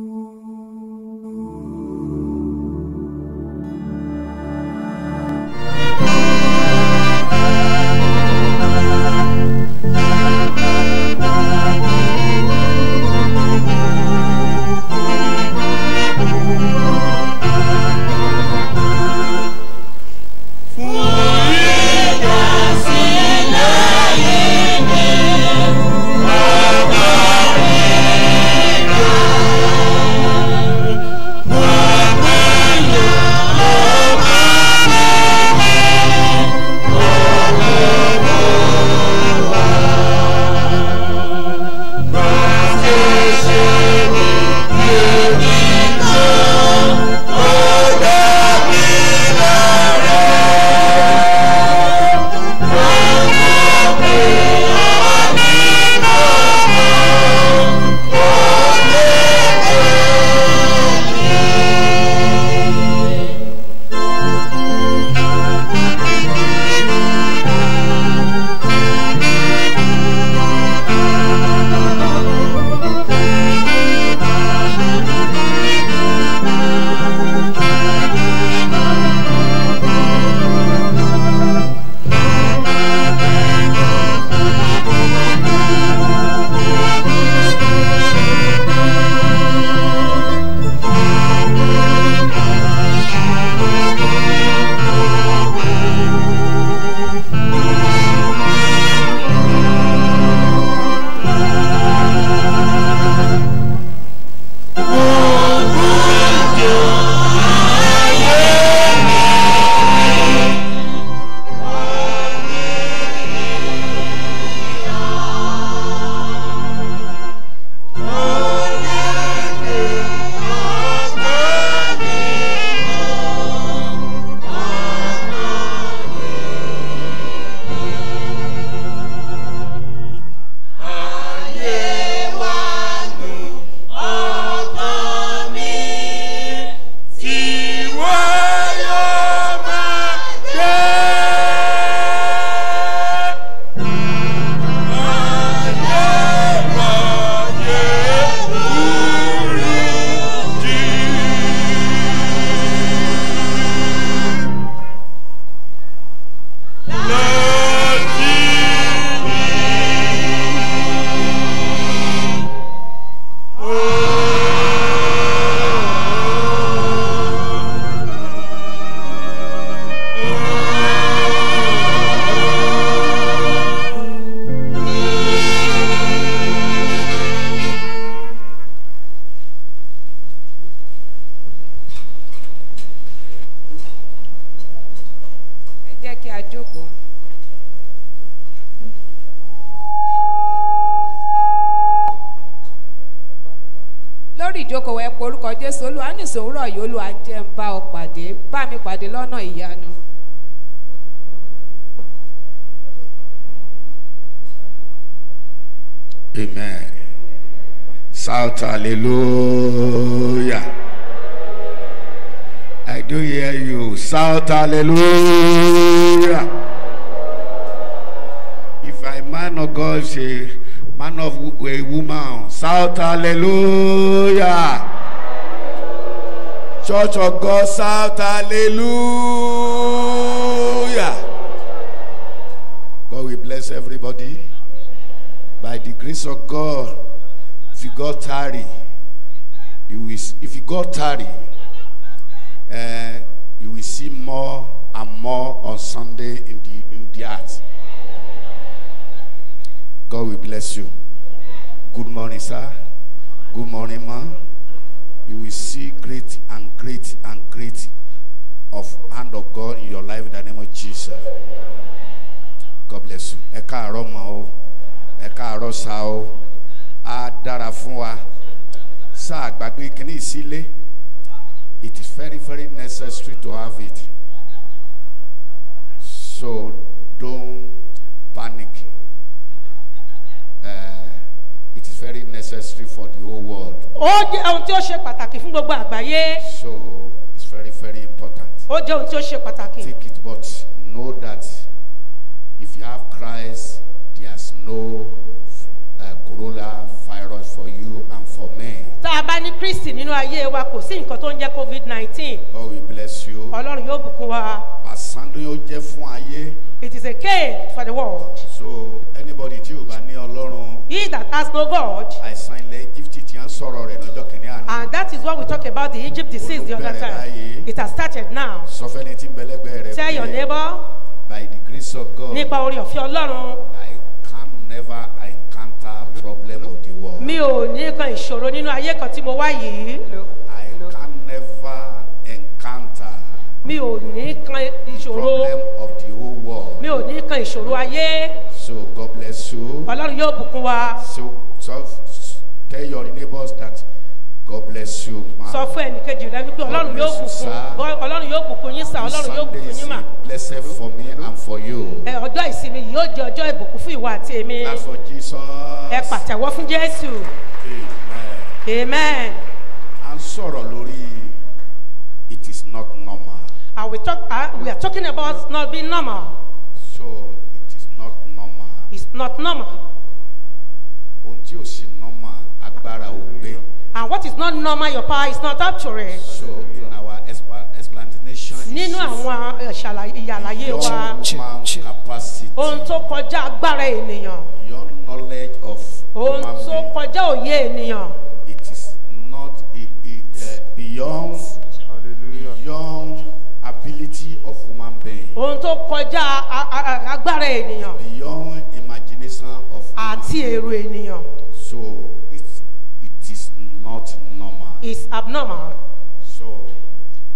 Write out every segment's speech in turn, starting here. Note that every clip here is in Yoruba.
Thank you. out. Hallelujah. I do hear you. Shout hallelujah. If I man of God, say man of a woman, shout hallelujah. Church of God, shout hallelujah. God will bless everybody. By the grace of God, if God tarry, you will, if God tarry, uh, you will see more and more on Sunday in the, in the earth. God will bless you. Good morning, sir. Good morning, ma. You will see great and great and great of hand of God in your life in the name of Jesus. God bless you. Eka aroma o. Eka kaaaro sa o. Ẹ káàárọ̀ sá o. á dára fún wa sáà gbàgbé kínní ìsílé it is very very necessary to have it so don't panic uh, it is very necessary for the whole world. ó jẹ́ ohun tí ó ṣe pàtàkì fún gbogbo àgbáyé. so it's very very important. ó jẹ́ ohun tí ó ṣe pàtàkì. take it but know that if you have Christ there is no uh, corolla bá ní kristi nínú ayé wa kò sí nǹkan tó ń jẹ́ covid nineteen. God will bless you. ọlọ́run yóò bùkún wa. pàṣán ló yóò jẹ́ fún ayé. it is a cake for the world. so anybody tí o bá ní ọlọ́run. he that has no God. àìsàn ilẹ̀ egypt ti ń sọ̀rọ̀ rẹ̀ lọ́jọ́ kìíní àná. and that is what we talk about the egypt disease the other time. it has started now. sọ fẹ́ni tí ń bẹ̀lẹ́gbẹ̀ rẹ̀. tell your neighbor. by the grace of God. nípa orí ọ̀fẹ́ ọlọ́run. I can never mi ò ní kan ìṣòro nínú ayé kan tí mo wá yìí. I can never encounter. mi ò ní kan ìṣòro. problem of the whole world. mi ò ní kan ìṣòro ayé. so God bless you. ọlọ́run yóò bùkún wa. so tell your neighbors that God bless you, ma. Sọ fún ẹnìkejì rẹ wípé Ọlọ́run yóò bùkún. Ọlọ́run yóò bùkún yín sá. Ọlọ́run yóò bùkún yín mà. Blessed for me and for you. Ẹ ọjọ́ ìsinmi yìí yóò jẹ́ ọjọ́ ìbùkún fún ìwà àti èmi. That's for Jesus. Ẹ pàtẹ́wọ́ fún Jésù. Amen. Amen. À ń sọ̀rọ̀ lórí it is not normal. Are we, talk, are, ah, we are talking about not being normal. So it is not normal. It's not normal. Ohun tí ò sí And what is not normal, your power is not up to it. So in our explanation, nínú àwọn eh, ìyàlàyé wa, ohun tó kọjá agbára ènìyàn, your knowledge of ohun tó kọjá òye ènìyàn. It is not it, it, uh, eh, beyond beyond ability of human being. Ohun tó kọjá agbára ènìyàn. Beyond imagination of. Àti èrò ènìyàn. is abnormal. So,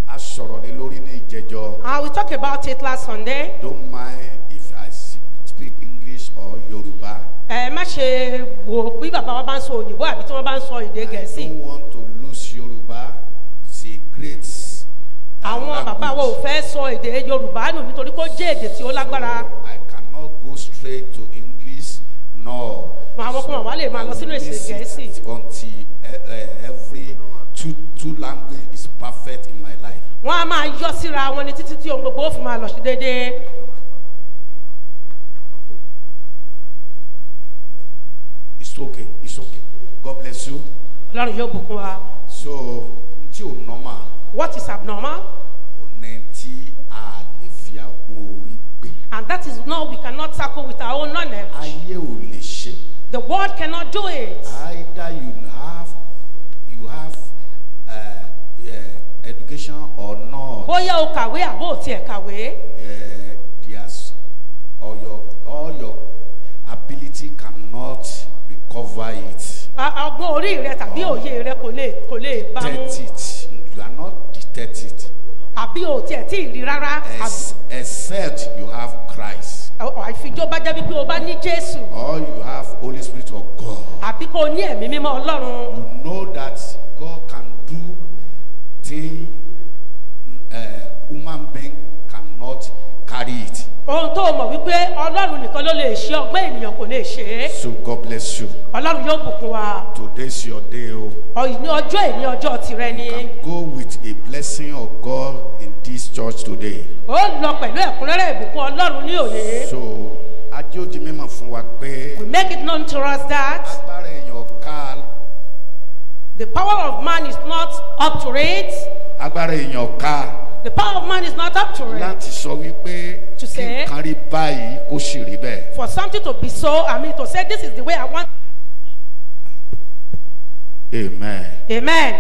a sọ̀rọ̀ lé lórí ní ìjẹjọ́. I will talk about it last Sunday. Don't mind if I speak English or Yoruba. Ẹ má ṣe wò bí bàbá wa bá ń sọ òyìnbó àbí tí wọ́n bá ń sọ èdè Gẹ̀ẹ́sì. I don't want to lose Yoruba. It's a àwọn bàbá wa ò fẹ́ sọ èdè Yorùbá nù nítorí pé ó jẹ́ èdè tí ó lágbára. I cannot go straight to English nor. àwọn ọkùnrin àwa lè máa lọ sínú èsì Gẹ̀ẹ́sì two language is perfect in my life. wọ́n á máa yọ síra wọn ní títí tí ohun gbogbo ó máa lọ sí déédéé. it's okay it's okay God bless you. ọlọ́run yóò bùkún wa. so n tí ò normal. what is abnormal. ò tí a lè fi agbó orí gbé. and that is no we cannot tackle with our own knowledge. ayé ò lè ṣe. the world cannot do it. either you education or not. bóyá o kàwé àbó ò tiẹ̀ kàwé. Eh, there's all your all your ability cannot recover it. ọgbọ́n orí rẹ tàbí òye rẹ kò lè kò lè bá mú. detect it you are not detect it. àbí o tiẹ̀ tí ì rí rárá. except you have Christ àfijọ́ bá jẹ́ wípé o bá ní Jésù. or you have Holy Spirit of God. àbí kò ní ẹ̀mí mímọ́ Ọlọ́run. you know that God can do things. carry it. ohun tó mọ̀ wípé ọlọ́run nìkan ló lè ṣe ọgbẹ́ ènìyàn kò lè ṣe é. so God bless you. ọlọ́run yóò bùkún wa. today is your day o. ọjọ́ èmi ọjọ́ tirẹ̀ ni. you can go with a blessing of God in this church today. ó lọ pẹ̀lú ẹ̀kúnrẹ́rẹ́ ìbùkún ọlọ́run ní òye. so ajé ó di mímọ̀ fún wa pé. we make it known to us that. agbára èèyàn ká. the power of man is not up to it. agbára èèyàn ká. The power of man is not up to it. Láti sọ wípé kí nǹkan rí báyìí kó sì rí bẹ́ẹ̀. For something to be so, I mean to say this is the way I want. Amen. Amen.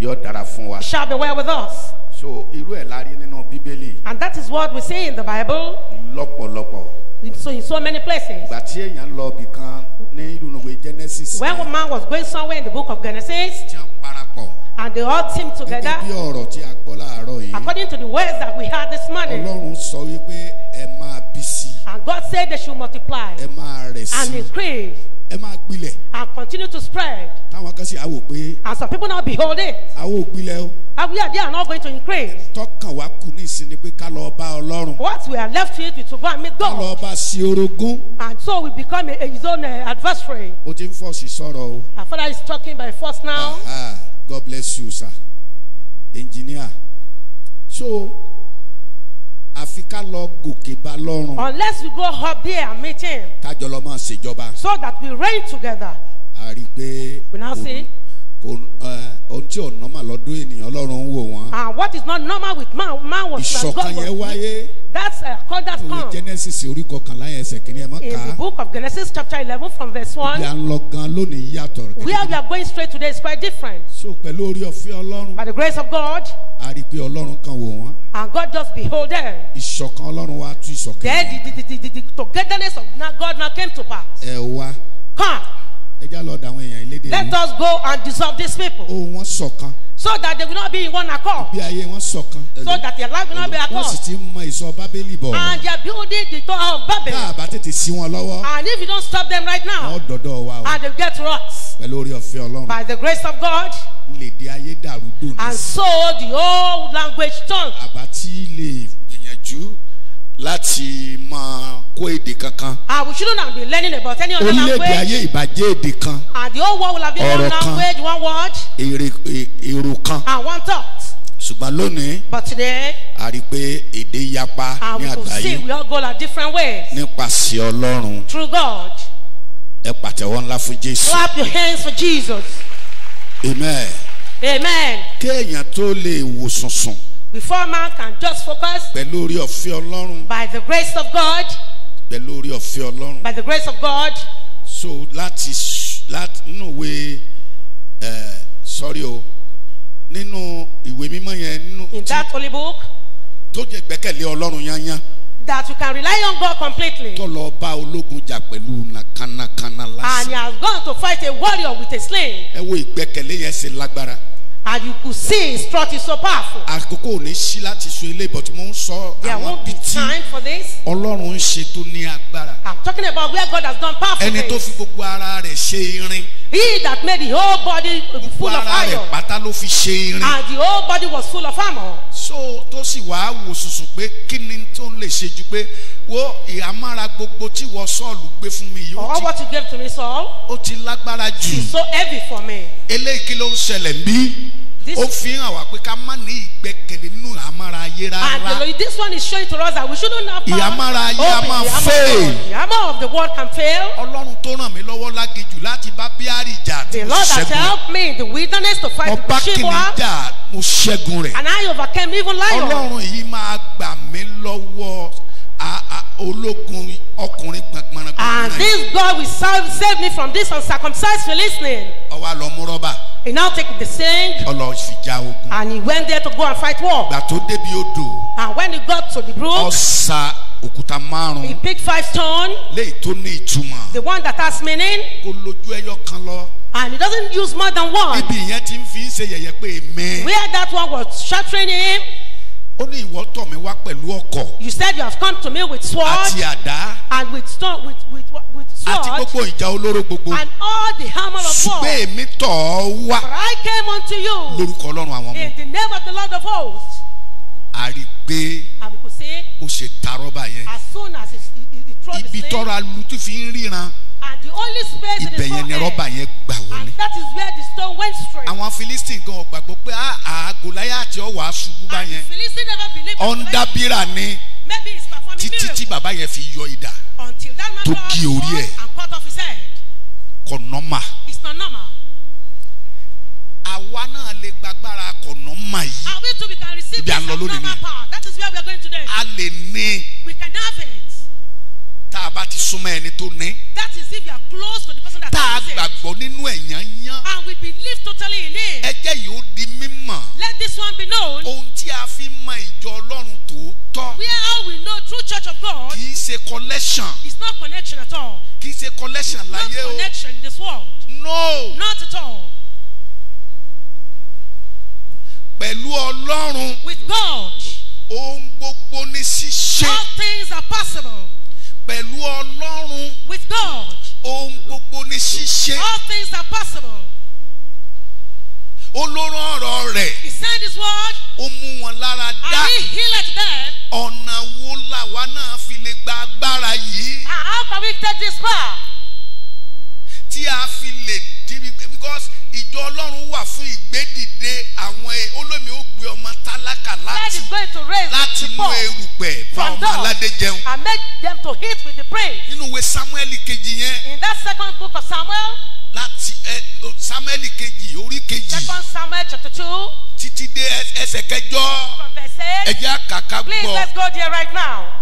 Yóò dára fún wa. shall be well with us. So irú ẹ̀ la rí nínú Bíbélì. And that is what we see in the Bible. Lọ́pọ̀lọpọ̀. So in so many places. Ìgbà tí èèyàn lọ ibì kan ní ìlú Genesis. When one man was going somewhere in the book of Genesis. Tí wọ́n parapọ̀. And they all teamed together. According to the words that we had this morning. And God said they should multiply. And increase. And continue to spread. Táwọn And some people now behold it. And we are there not going to increase. What we are left with is to go and meet God. And so we become a, a his own uh, adversary. Our father is talking by force now. Uh -huh. God bless you sir engineer so àfi ká lọ gòkè bá lọ́rùn. unless we go up there and meet him. kájọ lọ ṣèjọba. so that we reign together. a rí i pé. we now see. Eh, ohun tí ò normal lọ́dún ènìyàn ọlọ́run ń wò wọ́n. and ah, what is not normal with man man was like God was. ìṣọ̀kan that's uh, called that come. genesis orí kọkànlá ẹsẹ̀ kìíní ẹ̀ mọ́ ká. in the book of genesis chapter eleven from verse one. ìyá ń lọ gan lónìí yàtọ̀. where we are going straight today is quite different. so pẹ̀lú orí ọ̀fẹ́ ọlọ́run. by the grace of God. a rí i pé ọlọ́run kan wò wọ́n. and God just behold them. ìṣọ̀kan ọlọ́run wa tú ìṣọ̀kan. then the the the the the togetherness of God now came to pass. ẹ wá. come let us go and dissolve these people. Oh, so that they will not be in one accord. so that their life will not be accord. and they are building the tower of babel. and if you don't stop them right now. and they get rot. by the grace of God. and so the old language tongue láti máa kó èdè kankan. ah we shouldn't have been learning about any other language. orílẹ̀-èdè ayé ìbàjẹ́ èdè kan. ah the whole world will have been one language one word. èrè e, èrò kan. ah one thought. ṣùgbọ́n lónìí. but today. a rí pé èdè yapa ah, ní àgbáyé. and we could see we all go like different ways. nípasẹ̀ ọlọ́run. through God. ẹ pàtẹ́wọ́ ńlá fún jésù. clap your hands for Jesus. amen. amen. kéèyàn tó lè wò sùn sùn before man can just focus. pẹ̀lú orí ọ̀fẹ́ ọlọ́run. by the grace of God. pẹ̀lú orí ọ̀fẹ́ ọlọ́run. by the grace of God. so láti láti nínú ìwé ẹ̀ sọ́rí o nínú ìwé mímọ́ yẹn nínú. in that holy book. tó jẹ́ gbẹ́kẹ̀lé ọlọ́run yányán. that you can rely on God completely. tó lọ bá ológun jà pẹ̀lú kánnákánná lásán. and he has gone to fight a warrior with a sling. ẹ wo ìgbẹ́kẹ̀lé yẹn ṣe lágbára and you could see his throat is so powerful. àkókò ò ní sí láti sọ eléyìí but mo ń sọ àwọn ibi ọlọ́run ń ṣe ní agbára. I'm talking about where God has done powerful things. ẹni tó fi gbogbo ara rẹ̀ ṣe irin. He that made the whole body full of iron. gbogbo ara rẹ̀ pátá ló fi ṣe irin. and the whole body was full of armor so tó sì wá wò sùsù pé kí ni tó lè ṣe ju pé wo ìhámára gbogbo tí wọ sọ́ọ̀lù gbé fún mi yìí. all what you gave to me Saul. ó ti lágbára jù. it's so heavy for me. eléyìí kí ló ń ṣẹlẹ̀ bí ó fi hàn wá pé ká má ní ìgbẹ́kẹ̀lé nínú àmàrà ayé rárá. and the, this one is showing to us that we shouldn't have power. ìyàmàrà ayé a máa fail. the of the world can fail. ọlọ́run tó ràn mí lọ́wọ́ lágejù láti bá bíárì jà tí ṣẹ́gun. the lord has helped me in the wilderness to fight with sheba. ọba kìíní jà mo ṣẹ́gun rẹ̀. and I overcame even lion. ọlọ́run yìí máa gbà mí lọ́wọ́ ológun ọkùnrin gbàgbọ́n. and this God will save me from this uncircumcised Philistine. ọwọ́ àlọ́ mú rọ́bà. He now take the same. Ọlọ ogun. And he went there to go and fight war. Gbà tó débi odò. And when he got to the brook. Ọ̀sà òkúta márùn. he picked five stone. léyìí tó ní ìtumọ̀. the one that has meaning. kò lójú ẹyọ kan lọ. and he doesn't use more than one. ibi ìyẹn ti ń fi ń ṣe yẹ̀yẹ́ pé èmi. where that one was shattering him ó ní ìwọ tọ̀ mí wá pẹ̀lú ọkọ̀. you said you have come to me with sword. àti àdá. and with stone with with with sword. àti gbogbo ìjà olóró gbogbo. and all the hammer of war. ṣùgbọ́n èmi tọ̀ ọ́ wá. for I came unto you. lórúkọ ọlọ́run àwọn ọmọ. in the name of the lord of hosts. a rí i pé. and we could ó ṣe tarọ́ báyẹn. as soon as he he he throw the slave. ibi tọ́ra lu ti fi ń ríran and the only space in the forehead. and that is where the stone went straight. àwọn philistine gan gbàgbọ́ pé ah, àá goliath ọwọ́ aṣubú bá yẹn. ọ̀ndàbíra ni títí tí bàbá yẹn fi yọ idà. until that man got his own and cut off his head. kò nọ́mà. it's not normal. àwa náà lè gbàgbára kò nọ́mà yìí. and we too we can receive this abnormal that is where we are going today. a lè ní. we can have it tá a bá ti súnmọ́ ẹni tó ní. that is if you are close to the person that tells it. tá a gbàgbọ́ nínú ẹ̀ yányán. and we believe totally in it. ẹjẹ́ yìí ó di mímọ̀. let this one be known. ohun tí a fi mọ ìjọ ọlọ́run tòótọ́. where all we know true church of God. kì í ṣe collection. it's not connection at all. kì í ṣe collection láyé o. not connection in this world. no. not at all. pẹ̀lú ọlọ́run. with God. ohun gbogbo ni ṣíṣe. all things are possible. Pẹ̀lú Ọlọ́run. With God. Ohun gbogbo ni ṣíṣe. All things are possible. Ó ọ̀rọ̀ rẹ̀. He sent his word. Ó mú wọn lára dá. And he healed them. Ọ̀nà wo làwa náà fi lè gba agbára yìí? How can we take this power? Tí a fi lè dí because ìjọ ọlọ́run wà fún ìgbédìde àwọn e-, olómi ó gbé ọmọ tálákà láti láti mú erùpẹ̀ bá ọmọ aládé jẹun. and make them to hit with the praise. nínú ìwé samuel kejì yẹn. in that second book of samuel. láti samuel kejì orí kejì. second samuel chapter two. títí dé ẹsẹ̀ kẹjọ. from verse eight. ẹ jẹ́ àkàkà gbọ́. please let's go there right now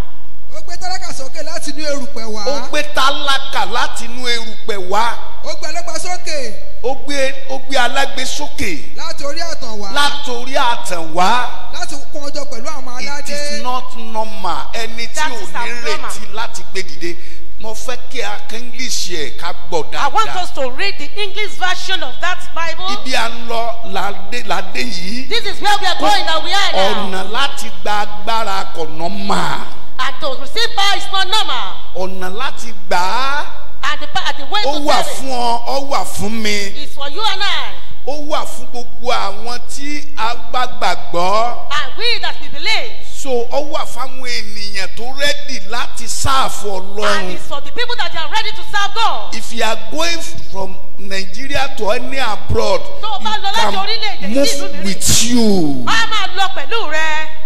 ó gbé tálákà sókè láti inú erùpẹ̀ wá. ó gbé tálákà láti inú erùpẹ̀ wá. ó gbé ọlọ́gbà sókè. ó gbé ó gbé alágbe sókè. látòrí àtàn wá. látòrí àtàn wá. láti kún ọjọ́ pẹ̀lú àwọn aládé. it is not normal ẹni tí ò ní retí láti gbé dìde mo fẹ́ kí a kí english yẹ ká gbọ́ dáadáa. I want us to read the English version of that bible. Ibi à ń lọ ládé ládé yìí. This is where we are going and we are now. Ọ̀nà láti gba agbára kọ̀nà máa and to receive power is not normal. ọ̀nà láti gbà á. and the and the way to carry. ó wà fún ọ ó wà fún mi. is for you and I. ó wà fún gbogbo àwọn tí a bá gbàgbọ́. and we that we believe so ọ wà fáwọn ènìyàn tó rẹ́dì láti sáàfù ọlọ́run. and it's for the people that are ready to serve God. if you are going from Nigeria to any abroad. tó o bá lọ láti orílẹ̀-èdè sí ìlú mìíràn. move with you. a máa lọ pẹ̀lú rẹ.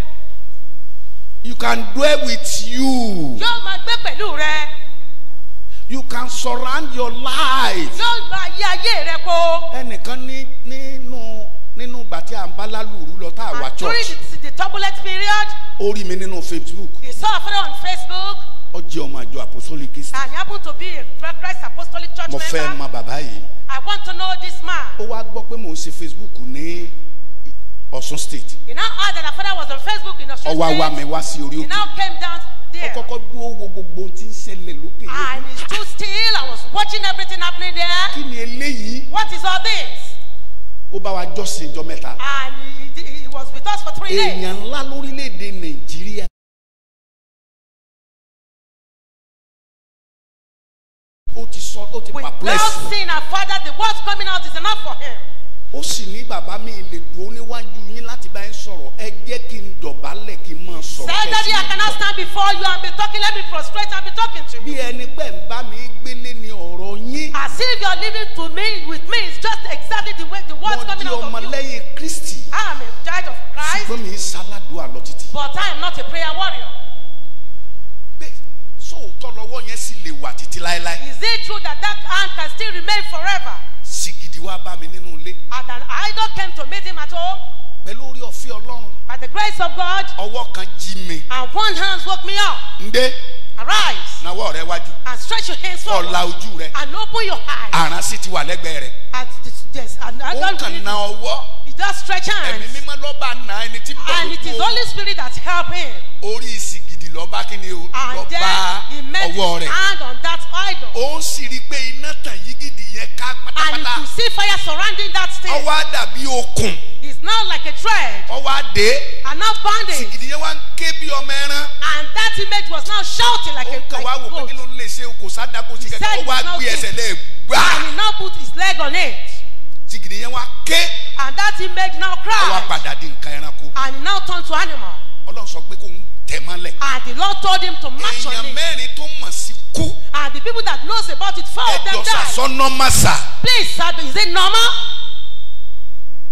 You can dwell with you. Yóò máa gbé pẹ̀lú rẹ. You can surround your life. Yóò gba ayé ayé rẹ kó. Ẹnìkan ní nínú nínú ìgbà tí à ń bá lálùrú lọ tá a wá church. And during the, the turbulent period. Ó rí mi nínú Facebook. He saw a friend on Facebook. Ó jẹ́ ọmọ àjọ apostolic Christ. And he to be a Christ apostolic church member. Mo fẹ́ mọ bàbá yìí. I want to know this man. Ó wá gbọ́ pé mò ń ṣe Facebook ní. Ọ̀ṣun state. he now heard that her father was on Facebook in Ọ̀ṣun state. ọwọ́ àwa wá sí orí òkè. he now came down there. ọkọ̀ọ̀kọ̀ dúró wo gbogbo tí ń ṣẹlẹ̀ lókè. and he stood still and was watching everything happening there. kí ni eléyìí. what is all this. ó bá wa jọ́sìn ìjọ mẹ́ta. and he, he was with us for three days. èèyàn ńlá lórílẹ̀‐èdè Nàìjíríà. ó ti sọ ó ti perplex. without seeing her father the words coming out is enough for him ó sì ní bàbá mi lè dúró níwájú yín láti bá yín sọ̀rọ̀ ẹ jẹ́ kí n dọ̀bálẹ̀ kí n máa sọ̀rọ̀ kẹ́sì. say daddy I cannot stand before you and be talking let me prostrate and be talking to you. bí ẹni pẹ́ ń bá mi gbélé ni ọ̀rọ̀ yín. as if you are living to me with me is just exactly the way the words coming out of you. mo di ọmọlẹ́yìn Kristi. I am a child of Christ. ṣùgbọ́n mi ń ṣaládùá lọ títí. but I am not a prayer warrior sóòótọ́ lọ́wọ́ yẹn sì lè wà títí láéláé. is it true that that hand can still remain forever? wá bá mi nínú ilé. and an idol came to meet him at home. pẹ̀lú orí ọ̀fẹ́ ọlọ́run. by the grace of God. ọwọ́ kan jí mi. and one hand woke me up. ǹdé. arise. nawọ́ rẹ wájú. and stretch your hands forward. ọ̀la ojú rẹ. and open your eyes. àrán sì ti wà lẹ́gbẹ̀ẹ́ rẹ. and yes and I don't really. ó kàn na ọwọ́. he just stretch hands. ẹ̀mí mímọ́ lọ́ba na ẹni tí ń bọ̀ lójú and it is only spirit that help him. orí ìsìnkì lọ́ba kí ni o lọ́ba ọwọ́ rẹ̀. and then he met his hand on that idol. ó sì rí pé iná tàn yí gidi and you see fire surrounding that state. ọwọ́ á dàbí okùn. it's now like a thread. ọwọ́ á and now bound it. sìgìdì yẹn wá ń ọmọ ẹran. and that image was now shouting like a like goat. ó kàn wá pé kí ló lè ṣe kò sádàkó sí kẹkẹ ó wá gbé ẹsẹ̀ gbá. E. and he now put his leg on it. sìgìdì yẹn wá and that image now cried. ó wá di nǹkan ẹranko. and he now turned to animal. ọlọ́run sọ pé kò ń tẹ̀ mọ́lẹ̀. and the lord told him to match on it. èèyàn mẹ́rin tó mọ̀ sí kú. and the people that knows about it four of them die. ẹ jọ sàsọ nọ́mà please sir is it normal.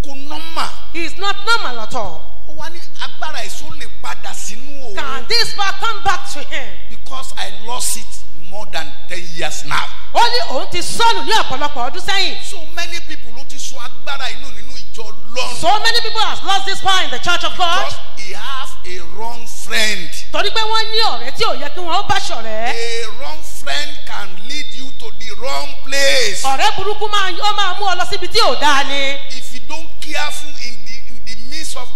kò nọ́mà. he is not normal at all. ó wá ní agbára èso lè padà sínú òun. can this part come back to him. because I lost it more than ten years now. ó ní òun ti sọnù ní ọ̀pọ̀lọpọ̀ ọdún sẹ́yìn. so many people ló ti sọ agbára inú nínú ìjọ lọ́rùn. so many people have lost this power in the church of God. because he has a wrong friend. torí pé wọ́n ní ọ̀rẹ́ tí ò yẹ kí wọ́n bá ṣọ̀rẹ́. a wrong friend can lead you to the wrong place. ọ̀rẹ́ burúkú máa ó máa mú ọ lọ síbi tí ò dáa ni. if you don't careful in the in the midst of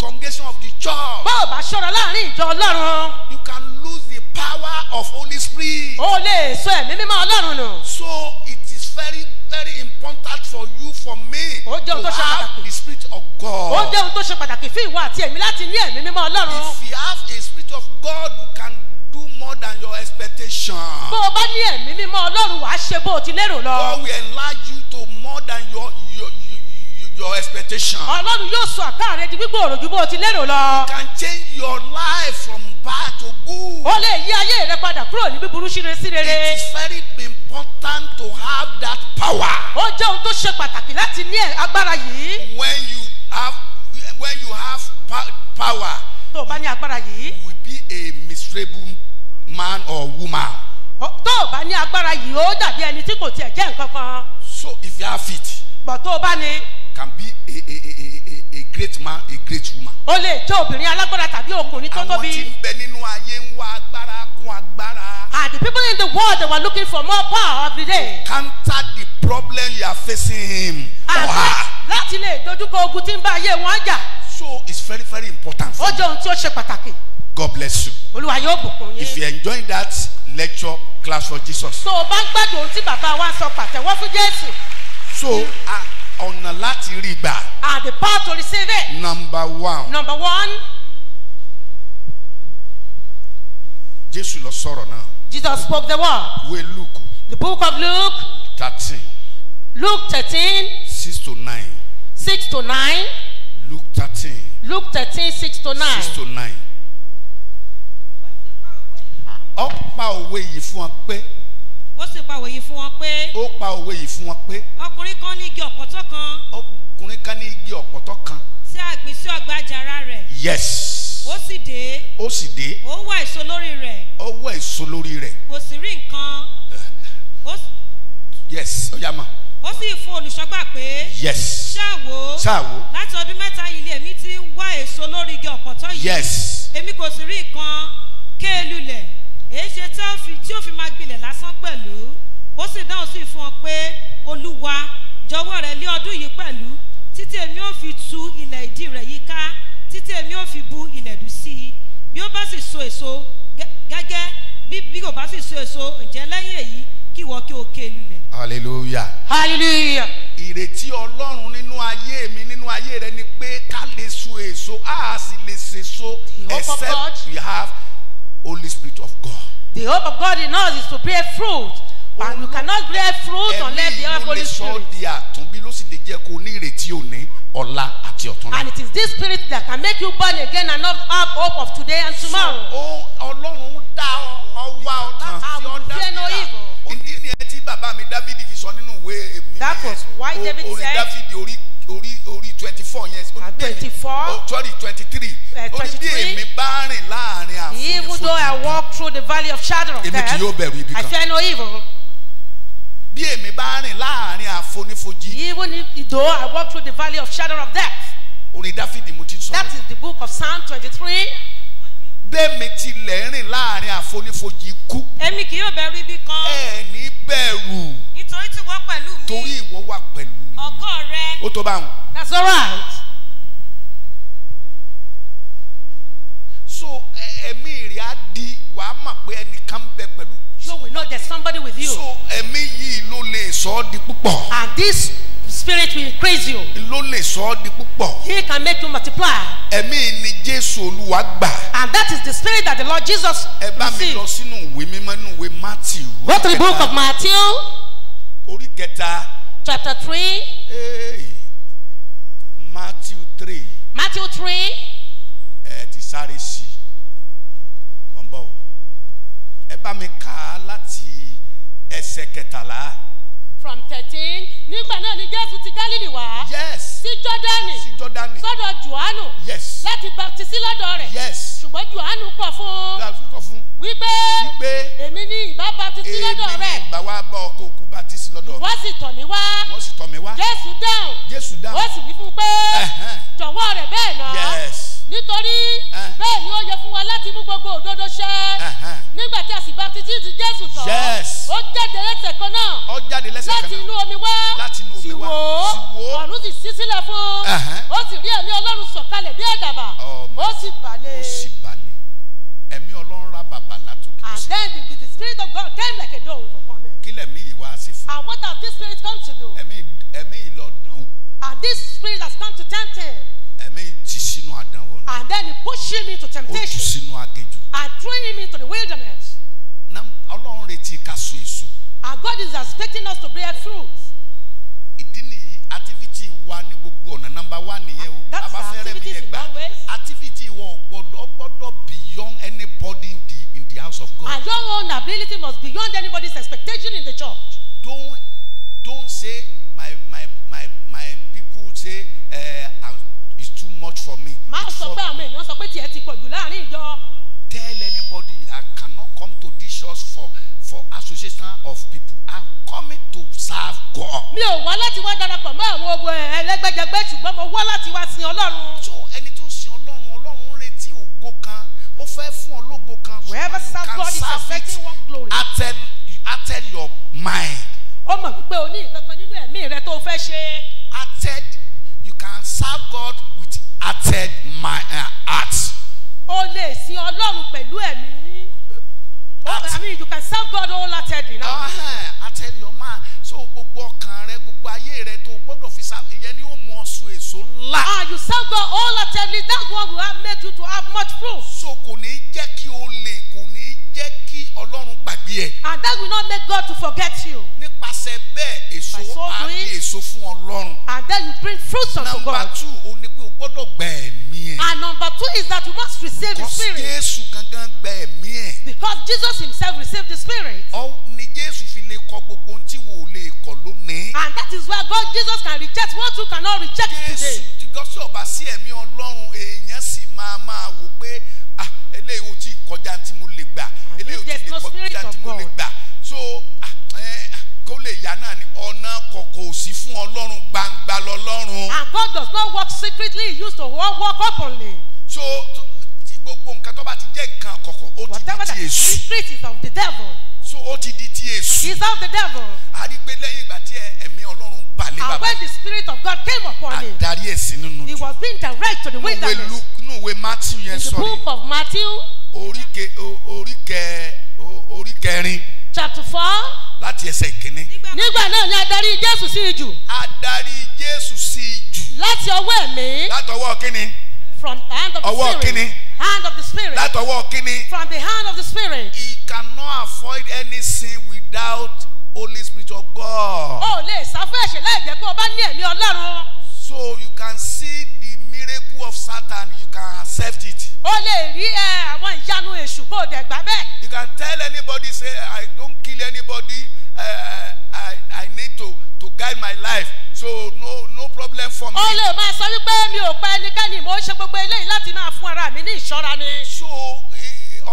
congregation of the church. bá ò bá ṣọ̀rọ̀ láàrin ìjọ ọlọ́run. you can lose the power of holy spirit. o lè sọ ẹ̀mí mímọ́ ọlọ́run nù. so it is very important for you for me oh, to have the spirit of God. ó jẹ́ ohun tó ṣe pàtàkì fún ìwọ àti èmi láti ní ẹ̀mí mímọ́ ọlọ́run. if you have a spirit of God you can do more than your expectation. bó o bá ní ẹ̀mí mímọ́ ọlọ́run wàá ṣe bó o ti lérò lọ. God will enlarge you to more than your your expectation. Ọlọ́run yóò sọ àká rẹ di gbígbòòrò ju bó o ti lérò lọ. Can change your life from bad to good. Ó lè yí ayé rẹ padà kúrò ní búburú síre sí rere. It is very important to have that power. Ó jẹ́ ohun tó ṣe pàtàkì láti ní agbára yìí. When you have when you have power. Tó o bá ní agbára yìí. You will be a miserable man or woman. Tó o bá ní agbára yìí, ó dàbí ẹni tí kò tiẹ̀ jẹ́ nǹkan kan. So if you have it. Bọ̀ tó o bá ní can be a a a a a great man a great woman. ó lè jẹ́ obìnrin alágbára tàbí ọkùnrin tó tóbi. àwọn tí ń bẹ nínú ayé ń wá agbára kún agbára. and the people in the world they were looking for more power every day. counter the problem you are facing him. àgbà láti lè dojúkọ ogun tí ń bá ayé wọn jà. so it's very very important. ó jẹ́ ohun tí ó ṣe pàtàkì. God bless you. Olúwa yóò bùkún yín. If you enjoy that lecture class for Jesus. Tó o bá ń gbádùn ohun tí bàbá wa sọ pàtẹ́wọ́ fún Jésù. So. Uh, ọ̀nà láti rí gbà. and the path to receive it. number one. number one. Jésù ló sọ̀rọ̀ náà. Jesus spoke the word. Ìwé Luke. The book of Luke. thirteen. Luke thirteen. six to nine. six to nine. Luke thirteen. Luke thirteen six to nine. six to nine. Ó ah, pa òwe yìí fún wa pé ó sì pa òwe yìí fún wọn pé. ó pa òwe yìí fún wọn pé. ọkùnrin kan ní igi ọ̀pọ̀tọ́ kan. ọkùnrin kan ní igi ọ̀pọ̀tọ́ kan. tí a sí ọgbà àjàrà rẹ̀. yes. ó sì dé. ó sì dé. ó wá èso lórí rẹ̀. ó wá èso lórí rẹ̀. kò sì rí nǹkan. Eh. yes ó yá mà ó sì fún olùṣọ́gbà pé. yes. ṣáàwó. ṣáàwó. láti ọdún mẹ́ta ilé mi ti wá èso lórí igi ọ̀pọ̀tọ́ yìí. yes. èmi kò sì rí nǹkan kéèlú e lẹ̀ èéṣe tí ó fi tí ó fi máa gbilẹ̀ lásán pẹ̀lú ó sì dáhùn sí fún ọ pé olúwa jọ̀wọ́ rẹ lé ọdún yìí pẹ̀lú títí èmi ò fi tu ilẹ̀ ìdí rẹ̀ yìí ká títí èmi ò fi bu ilẹ̀dú sí i bí ó bá sì so èso gẹ́gẹ́ bí bí kò bá sì so èso ǹjẹ́ lẹ́yìn èyí kí ìwọ kí o ké lulẹ̀. hallelujah. hallelujah. ìrètí ọlọ́run nínú ayé mi nínú ayé rẹ ni pé ká lè so èso a sì lè sèso except we have. Holy Spirit of God. The hope of God in us is to bear fruit. And you cannot bear fruit unless the Holy Spirit. And it is this spirit that can make you born again and not have hope of today and tomorrow. So, Ọlọ́run dá ọwá ọ̀tàn sí ọ̀dá mìíràn. Ìdí nìyẹn tí bàbá mi Dáfídì fi sọ nínú ìwé èmi. That was why David said. Orin Dáfídì orí orí orí twenty four yẹn oh, eh, ó ní bí èmi oh twenty three ó bí èmi bá rìn láàrin àfonífojì even though I walk through the valley of shadow of death èmi kì yóò bẹ̀rù ibi kan I fear no evil bí èmi bá rìn láàrin àfonífojì even though I walk through the valley of shadow of death orin dáfídì mo ti sọ that is the book of psalm twenty three bẹ́ẹ̀mi tilẹ̀ rìn láàrin àfonífojì ikú èmi kì yóò bẹ̀rù ibi kan ẹ̀ ní bẹ̀rù nítorí tí wọ́n pẹ̀lú mi. torí ìwọ wà pẹ̀lú mi. ọ̀gọ́ rẹ. ó tó bá wọn. that's all right. so ẹ̀mí rẹ̀ á di wàá mọ̀ pé ẹnìkan ń bẹ pẹ̀lú. you will know there's somebody with you. so ẹ̀mí yìí ló lè sọ ọ́ di púpọ̀. and this spirit will increase you. ló lè sọ ọ́ di púpọ̀. he can make you multiply. ẹ̀mí ni jésù olúwa gbà. and that is the spirit that the lord jesus received. ẹ bá mi lọ sínú ìwé mímọ́ nínú ìwé matthew. go to the book of matthew orí kẹta. chapter three. Hey, Matthew three. Matthew three. ẹ ti sáré sí i mọ̀ n bọ̀ o ẹ bá mi kà á láti ẹsẹ̀ kẹtàlá from thirteen nígbà náà ni jésù ti gálílì wá. yes sí jọ́dánì. sí jọ́dánì. sọ́dọ̀ johannu. yes. láti baptisi lọ́dọ̀ rẹ̀. yes. ṣùgbọ́n johannu kọ̀ fún. johannu kọ̀ fún. wípé. wípé. èmi ni ìbá baptisi lọ́dọ̀ rẹ̀. èmi ni ìbá wa bá ọkọ̀ òkú baptisi lọ́dọ̀ rẹ̀. wọ́n sì tọ̀ mí wá. wọ́n sì tọ̀ mí wá. jésù dáhùn. jésù dáhùn. ó sì wí fún un pé. jọ̀wọ́ rẹ̀ bẹ́ẹ̀ náà. yes nítorí eh. bẹ́ẹ̀ ni ó yẹ fún wa láti mú gbogbo òdodo ṣẹ eh, eh. nígbà tí a sì bá títí ti jésù tán ó jáde lẹ́sẹ̀ kan náà láti inú omi wá sì wò ó ọ̀run sì ṣí sílẹ̀ fún ó sì rí ẹ̀mí ọlọ́run sọ̀kalẹ̀ bí àdàbà ó sì balẹ̀ ẹ̀mí ọlọ́run ra bàbà látòkè sí. and then the, the spirit of God came like a dove upon me. kílẹ̀ mi ìwà àti fún. and what has this spirit come to do. ẹ̀mí ẹ̀mí ìlọdún. and this spirit has come to tempt him sínú àdánwò náà. and then he pushed me to temptation. ó sínú aginjù. and throwing me to the wilderness. na ọlọ́run retí ká so èso. and God is expecting us to bear fruit. ìdí nìyí activity wa ní gbogbo ọ̀nà number one nìyẹn o. that's our activities in that way. activity wọ gbọdọ gbọdọ beyond anybody in the in the house of God. and your own ability must be beyond anybody's expectation in the church. don't don't say my my my my people say. Uh, much for me. Má sọ pé àwọn èèyàn sọ pé tiẹ̀ ti pọ̀ jù láàrin ìjọ. Tell anybody that cannot come to this church for for association of people. I'm coming to serve God. Mi ò wá láti wá darapọ̀ mọ́ àwọn ogun ẹlẹ́gbẹ́jẹgbẹ́ ṣùgbọ́n mo wá láti wá sin Ọlọ́run. So ẹni tó sin Ọlọ́run Ọlọ́run ń retí ògo kan ó fẹ́ fún ọ kan. Wherever serve God is expecting one glory. I tell I tell your mind. Ó mọ̀ wípé o ní nǹkan kan nínú ẹ̀mí rẹ tó fẹ́ ṣe. Atẹ you can serve God acted my uh, heart. O lè sin Ọlọ́run pẹ̀lú ẹ̀mí. I mean you can serve God wholeheartedly now. Uh ah, -huh. I tell you man so gbogbo ọkàn rẹ gbogbo ayé rẹ tó gbọdọ̀ fi sa ìyẹn ni ó mọ so èso ńlá. Ah you serve God all wholeheartedly that's what will have made you to have much fruit. So kò ní jẹ́ kí o lè kò ní jẹ́ kí Ọlọ́run gbàgbé ẹ̀. And that will not make God to forget you. Nípasẹ̀ bẹ́ẹ̀ èso á ní èso fún Ọlọ́run. And then you bring fruits unto God. Number two, o ní pé gbọ́dọ̀ gba ẹ̀mí ẹ̀. and number two is that you must receive the spirit. because Jésù gangan gba ẹ̀mí ẹ̀. because Jesus himself received the spirit. ọ ni Jésù fi lè kọ gbogbo ohun tí wò lè kọ lónìí. and that is where God Jesus can reject what you cannot reject Jésù, today. Jésù gọ́sọ̀ ọba sí ẹ̀mí Ọlọ́run èèyàn sì máa máa wò pé ah eléyìí ò tí ì kọjá tí mo lè. kò sí fún ọlọ́run gbangba lọ́lọ́run. and God does not work secretly he used to work openly. so ti gbogbo nǹkan tó bá ti jẹ́ nǹkan kọ̀kọ̀ ó ti di ti èṣù. whatever the secret is of the devil. so ó ti di ti èṣù. is of the devil. a rí pé lẹ́yìn ìgbà tí ẹ̀mí ọlọ́run bà bàbá. and when the spirit of God came upon him. adarí ẹ̀ sí nínú. he was being directed to the wilderness. nínú ìwé Matthew yẹn sọ ni. in the book of Matthew. oríkẹ oríkẹ oríkẹrin. chapter four láti ẹsẹ̀ ìkíní. nígbà náà ni adarí jésù sí ijù. adarí jésù sí ijù. láti ọwọ́ ẹ̀mí. láti ọwọ́ kíni. from the hand of the spirit. ọwọ́ kíni. hand of the spirit. láti ọwọ́ kíni. from the hand of the spirit. he cannot avoid any sin without holy spirit of God. o lè sáfẹ́ ẹ̀ṣẹ̀ láì pé o bá ní ẹ̀mí ọlọ́run. so you can see the miracle of satan you can accept it o lè rí àwọn ìyanu èṣù bó dẹ̀ gbà bẹ́ẹ̀. you can tell anybody say i don kill anybody uh, I, i need to to guide my life so no no problem for me. o lè máa sọ wípé mi ò pa ẹnikẹ́ni mo ṣe gbogbo eléyìí láti máa fún ara mi ní ìṣọ́ra ni. so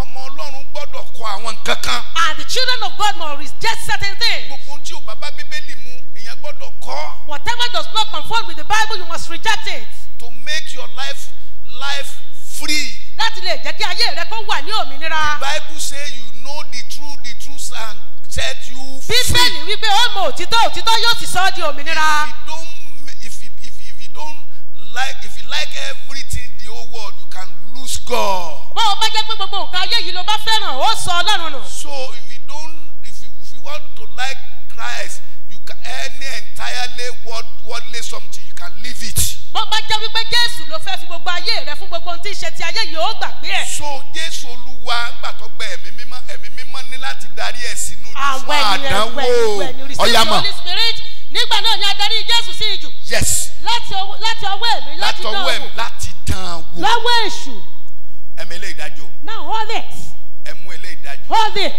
ọmọ ọlọ́run gbọ́dọ̀ kọ àwọn nǹkan kan. and the children of God must reject certain things. gbogbo ohun tí o bàbá bíbélì mu èèyàn gbọ́dọ̀ kọ́. whatever does not conform with the bible you must reject it. to make your life life free. láti lè jẹ́ kí ayé rẹ kó wà ní òmìnira. the bible say you know the truth the truth and set you free. bíbélì wípé ó mọ òtítọ́ òtítọ́ yóò sì sọ ọ́ di òmìnira. if you don't if you, if you, if you don't like if you like everything the whole world you can lose God. bó o bá jẹ́ pé gbogbo nǹkan ayé yìí ló bá fẹ́ràn ó sọ ọlọ́run nù. so if you don't if you, if you want to like Christ you can any entirely world worldly something you can leave it bó bá jẹ́ wípé jésù ló fẹ́ fi gbogbo ayé rẹ fún gbogbo ohun tí ìṣe ti ayé yìí ó gbàgbé ẹ̀. so jésù olúwa ńgbà tó gba ẹ̀mí mímọ́ ẹ̀mí mímọ́ ní láti darí ẹ̀ sínú ìṣọ́ àdánwò ọ̀yàmọ̀ nígbà náà ni a jésù sí ijù. yes. láti ọwọ́ èmi láti dán wò. láti dán wò. lọ́wọ́ èṣù. ẹ̀mí ilé ìdájọ́. now hold it. ẹ̀mú ilé ìdájọ́. hold it.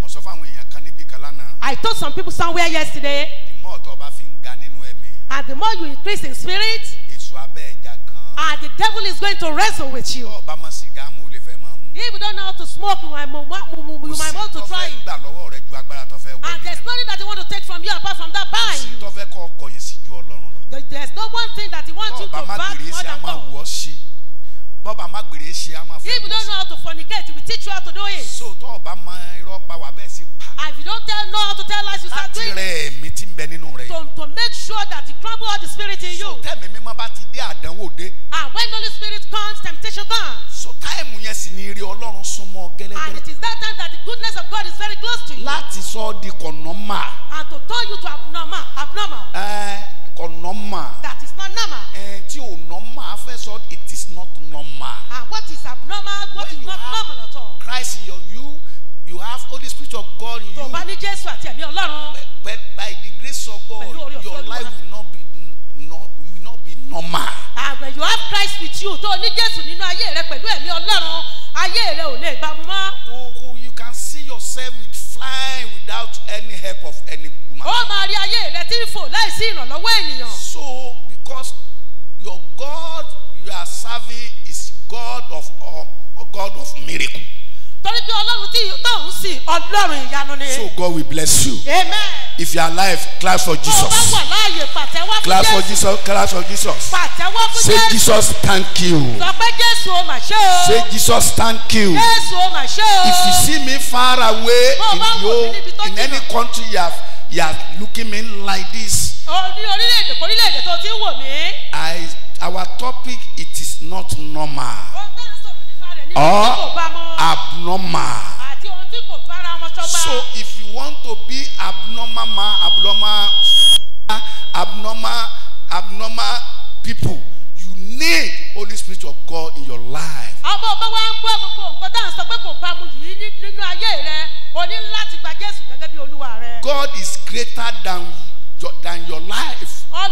mo sọ fún èèyàn kan níbi kan I told some people somewhere yesterday. the more you increase in spirit. Ah, the devil is going to wrestle with you. If you don't know how to smoke, you might, want to try it. And there's nothing that he want to take from you apart from that bind. There's no one thing that he wants you to buy more than God. if you don't know how to fornicate we teach you how to do it. so and if you don't tell know how to tell lies you start doing it. to to make sure that you crumble all the spirit in you. so tẹ́mi mímọ́ and when holy spirit comes temptation comes. and it is that time that the goodness of God is very close to you. láti sọ ọ́ di and to turn you to abnormal. abnormal. ẹ kọ̀nọ́mà. that is not normal. ẹ tí ò nọ́mà fẹ́ sọ it is not normal. and what is abnormal what when is not normal at all. Christ in your you you have holy spirit of God in you. tó bá but by the grace of God your life will not be no, will not be normal. Ah, when you have Christ with you tó ní jésù nínú ayé rẹ pẹ̀lú ẹ̀mí ọlọ́run ayé rẹ ò lè gbàmú mọ́. kókó you can see yourself with flying without any help of any woman. ó máa rí ayé rẹ tí ń fò láìsí ìrànlọ́wọ́ ènìyàn. so because your God you are serving is God of all, God of miracle torí pé ọlọ́run tí tóun sìn ọlọ́run ìyanu ni. so God will bless you. amen. if you are alive clap for Jesus. ó bá wà láàyè pàtẹ́wọ́ fún Jésù. clap for Jesus clap for Jesus. pàtẹ́wọ́ fún Jésù. say Jesus thank you. sọ pé Jésù o mà ṣe o. say Jesus thank you. Jésù o mà ṣe o. if you see me far away in your in any country you are you are looking me like this. orí orílẹ̀-èdè orílẹ̀-èdè tó ti wò mí. I our topic it is not normal or abnormal. So if you want to be abnormal ma, abnormal abnormal abnormal people, you need Holy Spirit of God in your life. God is greater than your, than your life. God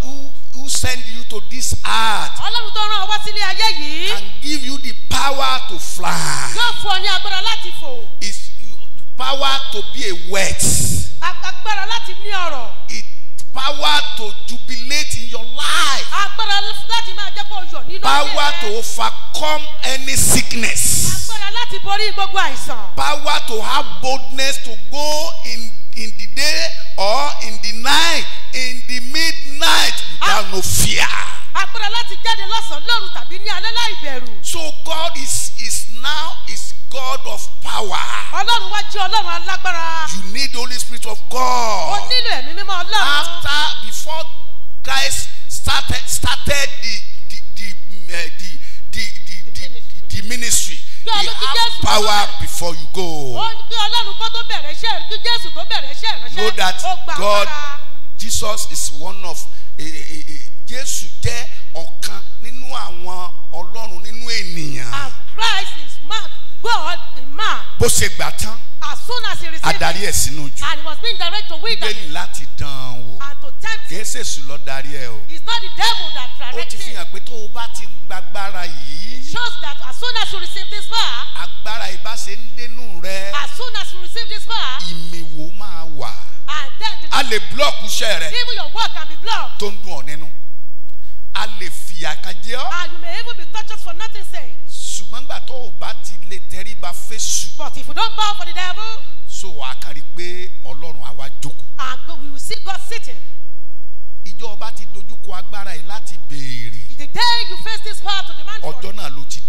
who who send you to this earth. ọlọ́run tó rán ọ wá sílé ayé yìí. can give you the power to fly. yóò fún ọ ní agbára láti fò. is power to be a wet. agbára láti ní ọ̀rọ̀. it power to jubilate in your life. agbára láti máa jẹ́ kó o yọ̀ nínú ilé rẹ. power to overcome any sickness. agbára láti borí gbogbo àìsàn. power to have boldness to go in in the day or in the night in the midnight without no fear. agbára láti jáde lọ́sàn-án lóru tàbí ní alẹ́ láì bẹ̀rù. so God is is now is God of power. ọlọ́run wá jẹ́ ọlọ́run alágbára. you need the holy spirit of God. o nílò ẹ̀mí mímọ́ ọlọ́run. after before Christ started started the the the uh, the the the the, the ministry. They have power before you go. Know that God Jesus is one of eh, eh, eh, Jésù jẹ́ ọ̀kan nínú àwọn Ọlọ́run nínú ènìyàn. And Christ is man, God in man. Bó ṣe gbà tán. As soon as he received it. Adarí ẹ̀ sínú jù. And he was being directed to wilderness. Bíbélì láti dán wò. And to tempt him. Kì í ṣe èṣù lọ darí ẹ o. It's not the devil that directed Ó ti fi hàn pé tó o bá ti gbàgbára yìí. It shows that as soon as you receive this power. Agbára ìbáṣe ń dénú rẹ. As soon as you receive lè búlọ̀kù iṣẹ́ rẹ. even your work can be blocked. tó ń dùn ọ́ nínú. a lè fìyà kan jẹ and you may even be tortured for nothing Say. ṣùgbọ́n gbà tó o bá ti lè tẹríba fésù. but if you don't bow for the devil. so wàá kàn rí pé ọlọ́run á wá jókòó. and we will see God sitting. ìjọ ọba ti dojúkọ agbára yìí láti béèrè. the day you face this power of the man. ọjọ́ náà ló ti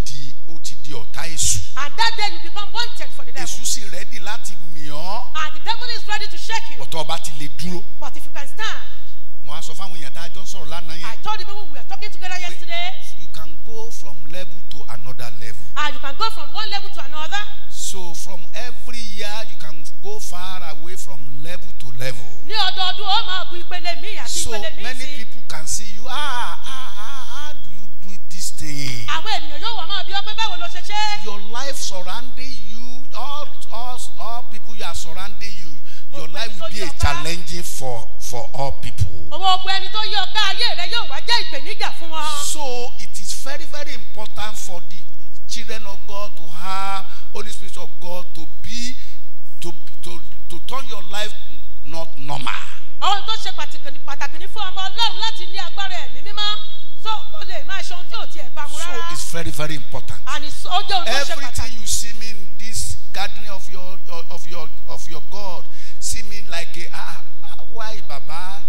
ó ti di ọ̀tá èṣù. and that day you become wanted for the devil. èṣù sì rẹ́dì láti mì ọ́. and the devil is ready to shake you. ọ̀tọ̀ ọba ti lè dúró. but if you can stand. mo á sọ fáwọn èèyàn tá a jọ ń sọ̀rọ̀ lánàá yẹn. I told the people we were talking together yesterday. you can go from level to another level. ah you can go from one level to another. so from every year you can go far away from level to level. ní ọdọọdún ó máa ṣe. your life surrounding you all all all people you are surrounding you your life will be a challenging for for all people. owó ogun ẹni tó yí ọ̀ká ayé rẹ yóò wá jẹ́ ìpèníjà fún wọn. so it is very very important for the children of God to have holy spirit of God to be to to to turn your life not normal. ohun tó ṣe pàtàkì ní fún ọmọ ọlọ́run láti ní agbára ẹ̀mí mímọ́. So it's very, very important. Everything you see me in this gathering of your of your of your God, see me like a, ah, ah why Baba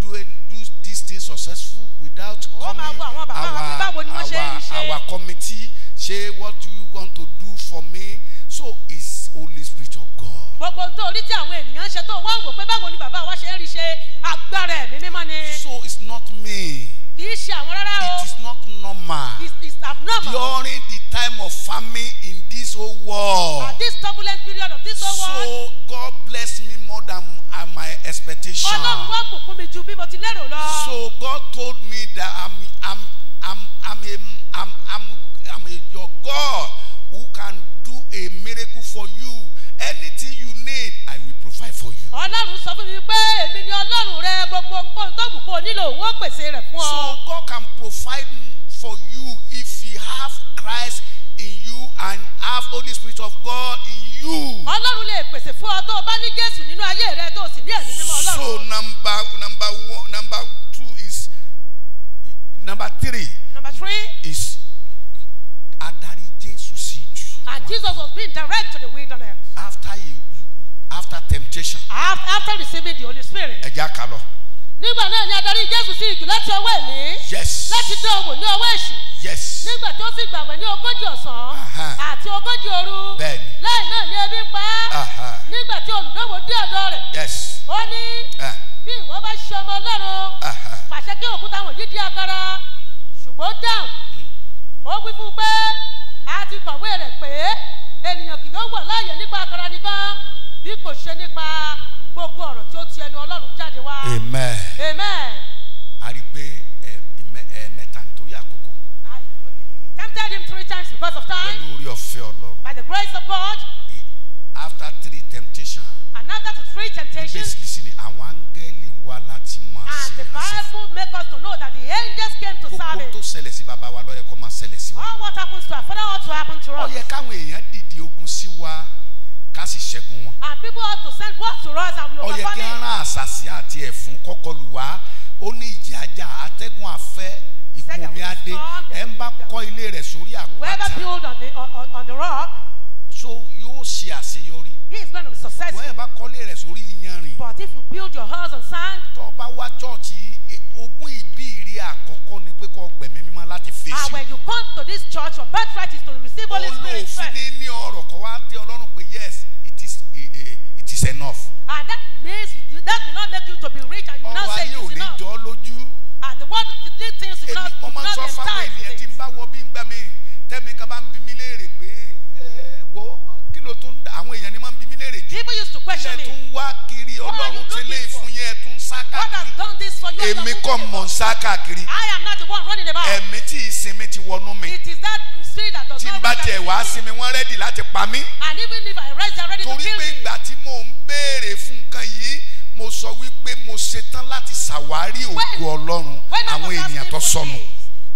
do it, do this thing successful without coming our, our, our committee say what you want to do for me. So it's Holy Spirit of God. So it's not me kì í ṣe àwọn rárá o. it is not normal. it is abnormal. during the time of famine in this whole world. at this turbulent period of this whole world. so God bless me more than uh, my expectation. ọlọ́run wá bùkún mi ju bí mo ti lérò lọ. so God told me that I'm I'm I'm I'm a I'm I'm I'm a your God. ọlọ́run rẹ gbogbo nǹkan tó wù kó òun ó pèsè rẹ̀ fún ọ. so God can provide for you if you have Christ in you and have Holy Spirit of God in you. ọlọ́run lè pèsè fún ọ tó o bá ní Jésù nínú ayé rẹ tó o sì ní ẹ̀mí mímọ́ ọlọ́run. so number number one number two is number three. number three is adarí Jésù sí jù. and Jesus was being directed with visitation. after receiving the holy spirit. ẹ já kalọ. nígbà náà ni adarí jésù sí ìjù láti ọwọ́ ẹ̀mí. yes. láti dán owó ní ọwọ́ èṣù. yes. nígbà tó sì gbàgbọ́ ní ogójì ọ̀sán. àti ogójì ooru. bẹ́ẹ̀ni. lẹ́yìn náà ni ebi pa á. nígbà tí olùdókòwò dé ọ̀dọ̀ rẹ̀. yes. ó ní ah. bí ìwọ bá ṣe ọmọ ọlọ́run. pàṣẹ kí òkúta wọ̀nyí di agara. ṣùgbọ́n dáhùn. Hmm. ó wí fún un pé a ti kọ̀wé rẹ̀ pé ènìyàn kì yóò wọ̀ láàyè nípa akara nìkan bí kò ṣe nípa gbogbo ọ̀rọ̀ tí ó ti ẹnu ọlọ́run jáde wá. amen. amen. a rí i pé ẹ̀ẹ̀mẹta nítorí àkókò. he tempted him three times because of time. pẹ̀lú orí ọ̀fẹ́ ọlọ́run. by the grace of God. E, after three temptations. Another after three temptations. ìgbésí sí ni àwọn áńgẹ́lì wá láti máa ṣe. and the bible make us to know that the angels came to serve him. tó ṣẹlẹ̀ sí bàbá wa ló kó máa ṣẹlẹ̀ sí wa. all what happens to our father ought to happen to us. ó káwọn èèyàn dìde ogun sí wa sì ṣẹ́gun wọn. and people ought to send word to us and we kí n àṣàṣì àti ẹ̀fún kọ́kọ́ ó ní ìjì ajá atẹ́gùn àfẹ́ ìkùnmi adé ẹ̀ ń bá kọ́ ilé rẹ̀ sórí àpáta. whoever build on the on, on the rock. so yóò ṣe àṣeyọrí. mo máa ń sọ fáwọn ènìyàn tí ń bá wọ bí ngbà mi tẹ́mi kan bá ń bi mí léèrè pé eh, wo kí ló tún àwọn èèyàn ni máa ń bi mí léèrè jù ilẹ̀ tún wá kiri ọlọ́run tí lè fún yẹn tún sá káàkiri èmi kọ́ mọ̀ ń sá káàkiri ẹ̀mí tí ìsinmi ti wọnú mi tí bá tiẹ̀ wá sinmi wọ́n rẹ́dì láti pa mí torí pé ìgbà tí mò ń béèrè fún nǹkan yìí mo sọ wípé mo ṣetán láti ṣàwárí ògo ọlọ́run àwọn ènìyàn tó sọnù.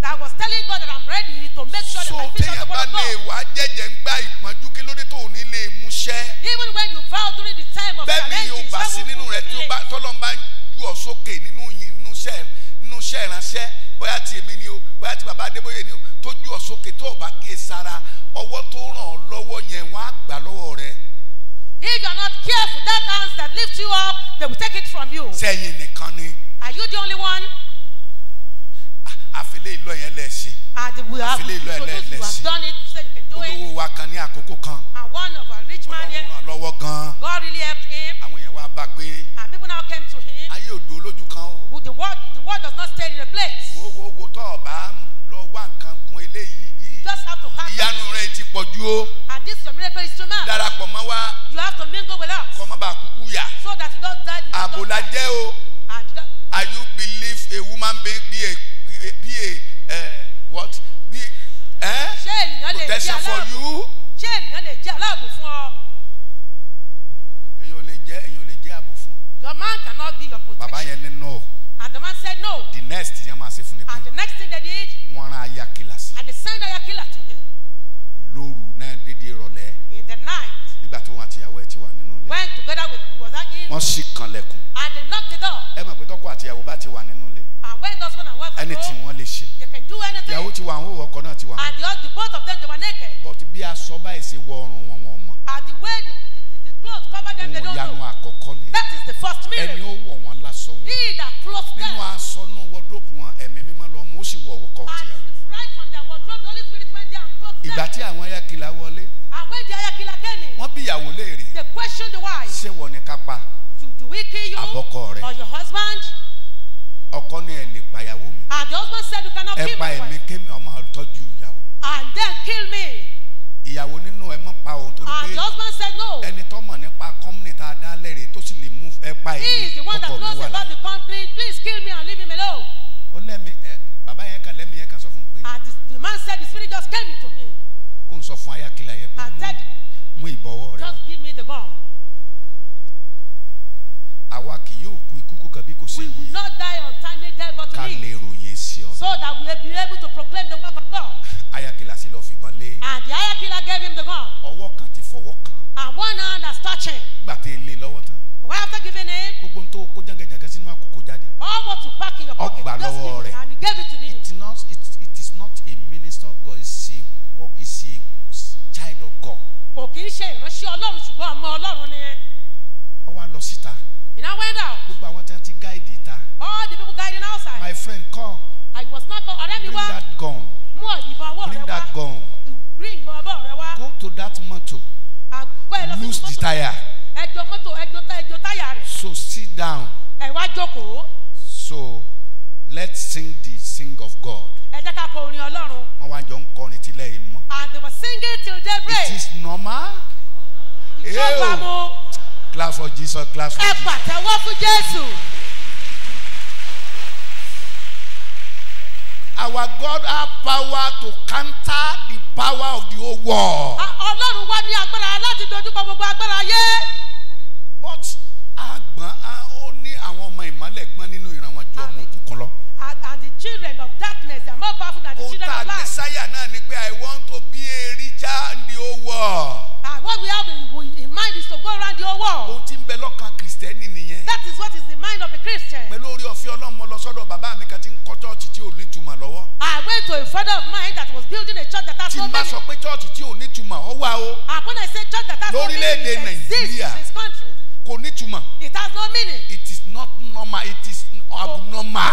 I was telling God that I'm ready to make sure so that I finish the word of God. So téèyàn bá lè wá jẹ́jẹ́ ń gbá ìpọ́njú kí lóde tó ò ní lè mú ṣẹ́. Even when you vow during the time of challenge, bẹ́ẹ̀ ni yóò bá sí nínú rẹ̀ tí tọ́lọ́n bá ń jù ọ́ sókè nínú iṣẹ́ ìránṣẹ́ bóyá ti èmi ni o bóyá ti bàbá Adébóyè ni o tó jù ọ́ sókè tó o bá kíyèsára ọwọ́ tó ràn ọ́ lọ́wọ́ yẹn wọ́n á gbà lọ́wọ́ rẹ̀ careful. That hands that lift you up, they will take it from you. Sẹ́yìn nìkan Are you the only one? Àfilé ìlọ yẹn lẹ̀ ṣe. Ah, Àfilé ìlọ have done it Olówó wa kan ní àkókò kan. And one of our rich man here. God really helped him. And people now came to him. Who The word the word does not stay in the place. You just have to have. Ìyanu And this your is too much. Darapọ̀ you have to mingle with us. kọ́ mọ́ bá kúkú yà. so that you don't die. àbòlá jẹ́ o. are you believe a woman be be a be a uh, what be eh? ṣé ènìyàn lè jẹ́ aláàbò for you. ṣé ènìyàn lè jẹ́ aláàbò fún ọ. èyàn lè jẹ́ èyàn lè jẹ́ àbò fún. your man cannot be your protection. bàbá yẹn ní no. and the man said no. the next yẹn máa ṣe fún ni and the next thing they did. wọ́n rán aya kìlà sí. and they send aya kìlà to him. lóru náà dédé ìrọ̀lẹ́. wọ́n sì kanlẹ̀kùn. and they knock the door. ẹ mọ̀ pé tọ́kọ àti ìyàwó bá ti wà nínú ilé. and when husband and wife go any tí wọ́n lè ṣe. they can do anything. ìyàwó ti wà àwọn òwò ọkọ náà ti wà. and the the both of them they were naked. but bí aṣọ báyìí ṣe wọ ọrùn wọn wọn mọ. and the way the the, the cloth cover them they don't know. ìyanu àkọ́kọ́ ni. that is the first miracle. ẹni ó wọ̀ wọn lásọ wọn. he that clothe them. nínú aṣọ náà wardrobe wọn ẹ̀mí mímọ́ lọ mú ó sì wọ ọkọ tìyàwó. and right from their wardrobe the Holy Spirit went there and clothe them. ìgbà tí àwọn ayakila wọlé. and when the ayakila came in. wọ́n bí ìyàwó léèrè question the why. ṣé wọ ni ká pa. do do we you. àbọ̀kọ rẹ. or your husband. ọkọ ní ẹ lè pàyàwó mi. and the husband said you cannot kill me. ẹ pa ẹ̀mí kémi ọmọ àtọ́jú ìyàwó. and then kill me. ìyàwó nínú ẹ mọ́ pa òun torí pé. and the husband said no. ẹni tó mọ̀ nípa company tá a dá lẹ́rìí tó sì lè move ẹ pa ẹ̀mí. he is the one that knows about the company please kill me and leave him alone. ó lẹ́mi ẹ bàbá yẹn kan lẹ́mi yẹn kan sọ fún un pé. and the man said the spirit just came to him. kó n sọ fún ayakilẹ yẹn pé. and said mú ìbọwọ́ rẹ. just give me the gun. àwa kì yóò kú ikú kó kan kò sí. we will not die untimely death but live. ká lè ròyìn sí ọ. so that we will be able to proclaim the word of God. ayakila sì lọ fìbọn lé. and the ayakila gave him the gun. ọwọ́ kan ti fọwọ́ kan. and one hand has touched him. gbàtẹ́ ilé lọ́wọ́ tán. why after giving him. gbogbo n tó kó jàǹgàjàǹgà sínú àkókò jáde. all what you pack in your pocket. ọgbà lọ́wọ́ rẹ̀. and he gave it to kì í ṣe ìránṣẹ́ ọlọ́run ṣùgbọ́n ọmọ ọlọ́run ni. ó wá lọ síta. iná went out. gbogbo àwọn tí wọ́n ti gáìdì ta. all the people guiding outside. my friend come. I was not come mi wá. bring that gun. mú ìbọn ọwọ́ rẹ wá. bring that gun. bring ìbọn ọwọ́ rẹ wá. go to that motor. àgọ́ ẹ e lọ sí mọ́tò. lose the tire. ẹjọ mọ́tò ẹjọ táyà rẹ̀. so sit down. ẹ wá jókòó. so let's sing the sing of God. and they were singing till daybreak. it is normal. ìjọba mu. clap for Jesus clap for Jesus. ẹ pàtẹ́wọ́ fún Our God has power to counter the power of the old world. But àgbọ̀n ó ní àwọn ọmọ ìmọ̀lẹ̀ more powerful than the children of light. Ohun desire náà ni pé I want to be a richer in the whole world. And what we have in, in mind is to go around the whole world. Ohun tí ń bẹ lọ́kàn Kristẹni nìyẹn. That is what is the mind of a Christian. Pẹ̀lú orí ọ̀fẹ́ Ọlọ́run lọ sọ́dọ̀ bàbá mi kan tí ń kọ́ chọ́ọ̀chì tí ò ní ìtumọ̀ lọ́wọ́. I went to a father of mine that was building a church that has no meaning. Tí n sọ pé chọ́ọ̀chì tí ò ní ìtumọ̀ ọ wá o. And when I say church that has no meaning exists in this country. Kò ní ìtumọ̀. It has no meaning. It is not normal. It is abnormal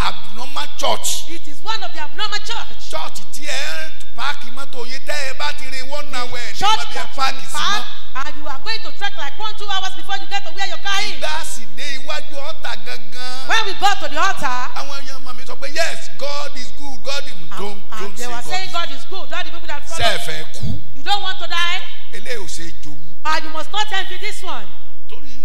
abnormal church. it is one of the abnormal church. church tí ẹ páàkì mọ́tò yín tẹ́ ẹ bá ti rin one hour ẹ̀ ní wọn bí ẹ páàkì sí mọ́. and you are going to trek like one two hours before you get to where your car is. ìgbà sì dé iwájú ọ̀tà gangan. when we go to the altar. àwọn èèyàn mọ̀ mi sọ pé yes God is good God is good don't say God. and they were saying God is good all the people that follow. sẹ́ẹ̀fẹ̀ kú. you don't want to die. eléyìí ò ṣe é and you must not envy this one. torí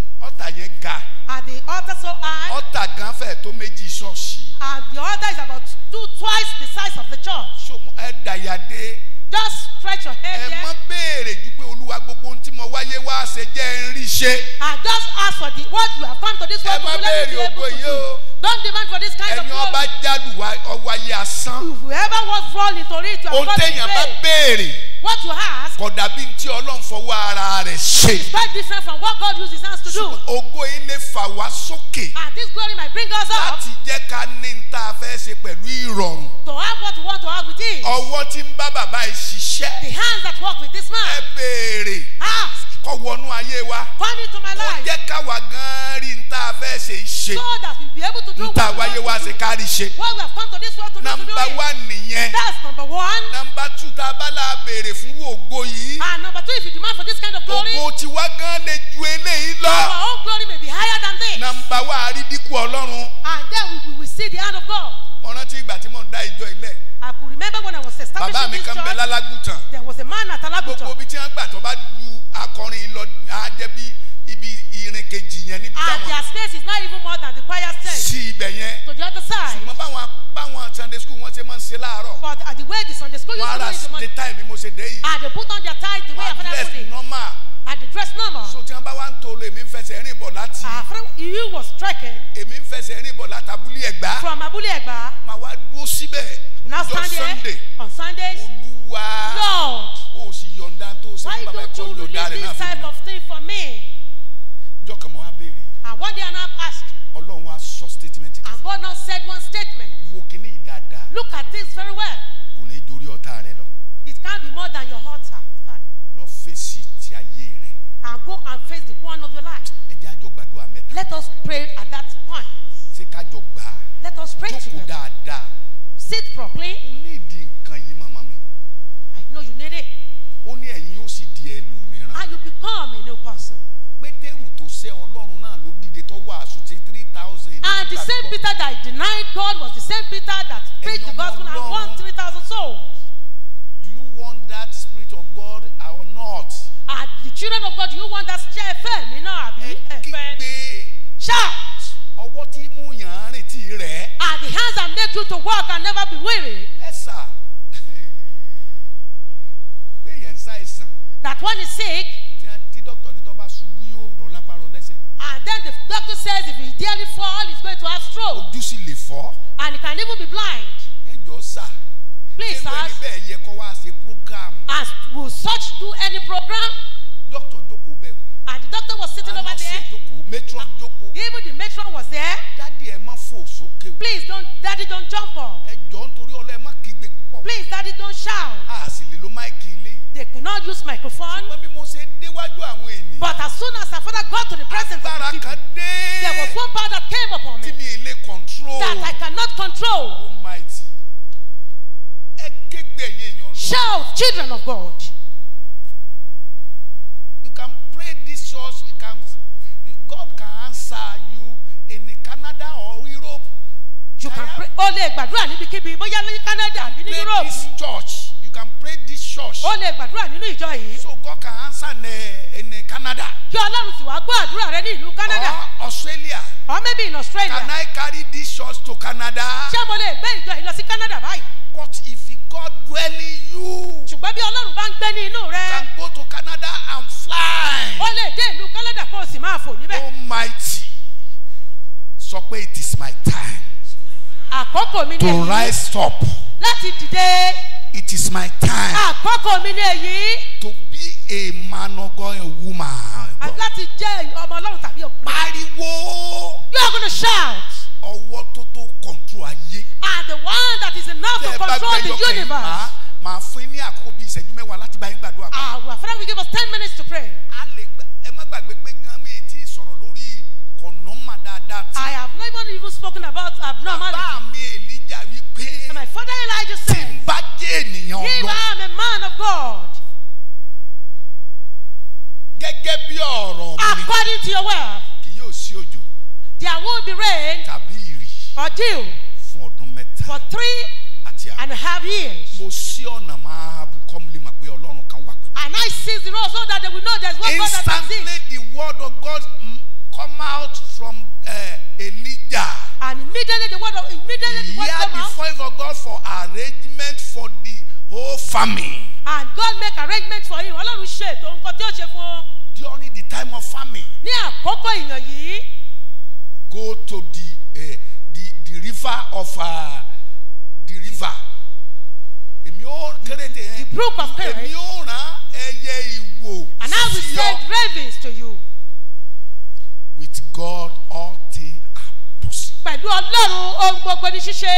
altar yẹn ga. and the altar so high. altar gan fẹ́ tó méjì ṣọ́ọ̀ṣì. and the altar is about two twice the size of the church. ṣòmọ ẹ dàyàdé. just stretch your head there. ẹ mọ béèrè ju pé olúwa gbogbo ohun tí mo wáyé wá ṣe jẹ́ ń rí ṣe. and just ask for the what you have come to this world to be able to do. don't demand for this kind of glory. ẹni ọba jálù ọwáyé asán. whoever was wrong nítorí it you are falling in vain. ohun téèyàn bá béèrè. What you ask. Kò dàbí tí Ọlọ́run fọwọ́ ara rẹ̀ ṣe. It's quite different from what God uses his hands to do. Ogo yìí lè fà wá sókè. And this glory might bring us up. Láti jẹ́ ká ní n ta fẹ́ ṣe pẹ̀lú ìrọ̀rùn. To have what you want to have with it. Ọwọ́ tí ń bá bàbá yìí ṣiṣẹ́. The hands that work with this man. Ẹ béèrè. Ask kọ́ wọnú ayé wa. come into my life. ó jẹ́ káwa gan-an rí n tá a fẹ́ ṣe ṣe. so that we be able to do what we want to do. n tá wáyé wá ṣe kárí ṣe. what we have come to this world to do to do it. number one nìyẹn. that's number one. number two tá a béèrè fún ògo yìí. and number two if you demand for this kind of glory. ògo tiwa gan lè ju eléyìí lọ. our own glory may be higher than this. number one àrídìkú ọlọ́run. and then we will see the hand of God mo rántí ìgbà tí mò ń dá ìjọ ilẹ̀. I could remember when I was establishing Baba this church. Bàbá mi kan bẹ lálágùtàn. There was a man at Alágùtàn. Gbogbo ibi tí wọ́n gbà tó bá ju akọrin lọ á bí ibi irin kejì yẹn níbi táwọn. And their space is not even more than the choir stage. Sí ibẹ̀ yẹn. To the other side. Ṣùgbọ́n báwọn báwọn Sunday school wọ́n ṣe máa ń ṣe láàárọ̀. But at the way the Sunday school used to do in the morning. Wọ́n the time bí mo ṣe dé yìí. And ah, they put on their tie the way I father put it. Wọ́n dress normal tí. àfẹ́rẹ́ he was trekking. èmi ń fẹsẹ̀ rìn bọ̀ látàbúlé ẹ̀gbá. from abúlé ẹ̀gbá. màá wá dúró síbẹ̀. now Sunday. on Sunday, olúwa lord. o sì yọ̀ǹda tó ṣe bàbá ẹ̀kọ́ yọ̀ǹda rẹ̀ náà fún mi. why don't you release this type of thing for me. ìjọ kan mo wá béèrè. and one day I now asked. ọlọ́run á sọ statement and God now said one statement. wo kíní yìí look at this very well. kò ní jorí ọ̀tá rẹ lọ. it can't be more than your altar. lọ fèsì ti ayé rẹ. and go and face the one of your life. Let us pray at that point. Ṣé ká jọ gbà á? Let us pray together. Jókòó dáadáa. Sit properly. O ní ìdí nǹkan yìí màmá mi. I know you need it. Ó ní ẹ̀yin yóò sì di ẹlòmíràn. And you become a new person. Pétérù tó sẹ́ Ọlọ́run náà ló dìde tó wàásù tí three thousand. And the same Peter that denied God was the same Peter that preached the gospel and won three thousand souls. Do you want that spirit of God or not? Are the children of God, do you want that fair? Mi náà àbí ẹ̀fẹ́. Ẹ kígbe. Shout. Ọwọ́ tí mú yàn rìn tí rẹ̀. Are the hands are made you to work and never be weary. Ẹ sà. Pé yẹn ń sá That one is sick. Tí dọ́kítọ̀ ní tó bá ṣubú yóò rọ̀ lápárọ̀ lẹ́sẹ̀. And then the doctor says if he dearly fall he is going to have stroke. Ojú sì lè fọ́. And he can even be blind. Ẹ jọ sà. Please ask. Ṣé ẹni bẹ́ẹ̀ yẹ kó wá ṣe program? As will such do any program? Dọ́kítọ̀ jókòó bẹ́ẹ̀ doctor was sitting over there. jókòó matron ah, jókòó. even the matron was there. dádì ẹ má fò please don't daddy don't jump up. ẹ jọ please daddy don't shout. a sì lè they could not use microphone. but as soon as our father got to the presence of the people. there was one power that came upon me. that I cannot control. Almighty. shout children of God. o lè gbàdúrà níbikíbi bóyá ní Canada àbí ní Europe. pray this church you can pray this church. o lè gbàdúrà nínú ìjọ yìí. so God can answer in, eh, in eh, Canada. kí Ọlọ́run sì wá gbọ́ àdúrà rẹ ní ìlú Canada. or Australia. or maybe in Australia. can I carry this church to Canada. ṣé mo lè gbé ìjọ yìí lọ sí Canada báyìí. but if God dwell in you. ṣùgbọ́n bí Ọlọ́run bá ń gbé ní inú rẹ. can go to Canada and fly. o lè dé ìlú Canada kó o sì máa fò níbẹ̀. Almighty sọ pé it is my time àkókò mi ni èyí. to rise up. láti dìde. it is my time. àkókò mi ni èyí. to be a man of God and woman. láti jẹ́ ọmọ ọlọ́run tàbí ọkùnrin. pariwo. you are gonna shout. ọwọ́ tó tó control ayé. and the one that is enough to control the universe. Ah, máa fún yín ní àkókò bíi ìṣẹ́jú mẹ́wàá láti bá yín gbàdúrà. our friend will give us ten minutes to spoken about abnormality. And my father Elijah said. If I am a man of God. According to your wealth, There will be rain. Or dew. For three and a half years. And I see the road so that they will know there's is one God that exists. Instantly the word of God come out from uh, Elijah. And immediately the word of immediately the word Here came out. Here oh God for arrangement for the whole family. And God make arrangement for him. Ọlọ́run ṣe ètò nǹkan tí ó ṣe fún un. During the time of famine. Ní àkókò ìyàn yìí. Go to the uh, the the river of uh, the river. Èmi ó kéré de The brook of Kere. Èmi ó rán ẹyẹ ìwò. And I will send ravens to you. With God all pẹ̀lú ọlọ́run ohun gbogbo ní ṣíṣe.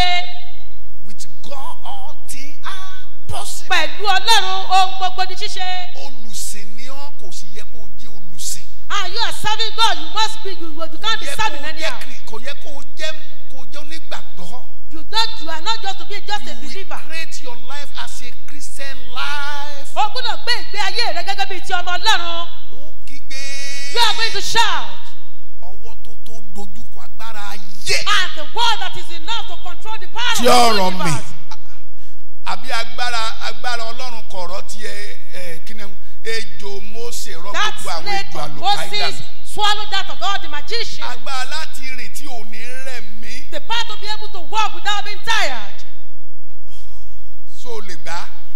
with God all things are possible. pẹ̀lú ọlọ́run ohun gbogbo ní ṣíṣe. olùsìn ni ọ kò sì yẹ kó jẹ́ olùsìn. ah you are serving God you must be you you can't be serving anyhow. kò yẹ kó jẹ́ kó jẹ́ onígbàgbọ́. you don't you are not just to be just you a believer. you create your life as a Christian life. o gbọ́dọ̀ gbé ìgbé ayé rẹ gẹ́gẹ́ bí ti ọmọ ọlọ́run. ó kígbe. you are going to shout. ọwọ́ tó tó dojú ayé. and the word that is enough to control the power tí of the universe. àbí agbára agbára ọlọ́run kọ̀ọ̀rọ̀ ti ẹ ẹ kí ejò Mósè rọ gbogbo àwọn ejò àlùkáìdà. that snake swallowed that of all the magicians. agbára láti rìn tí ò ní rẹ̀ mí. the power to be able to walk without being tired. so o lè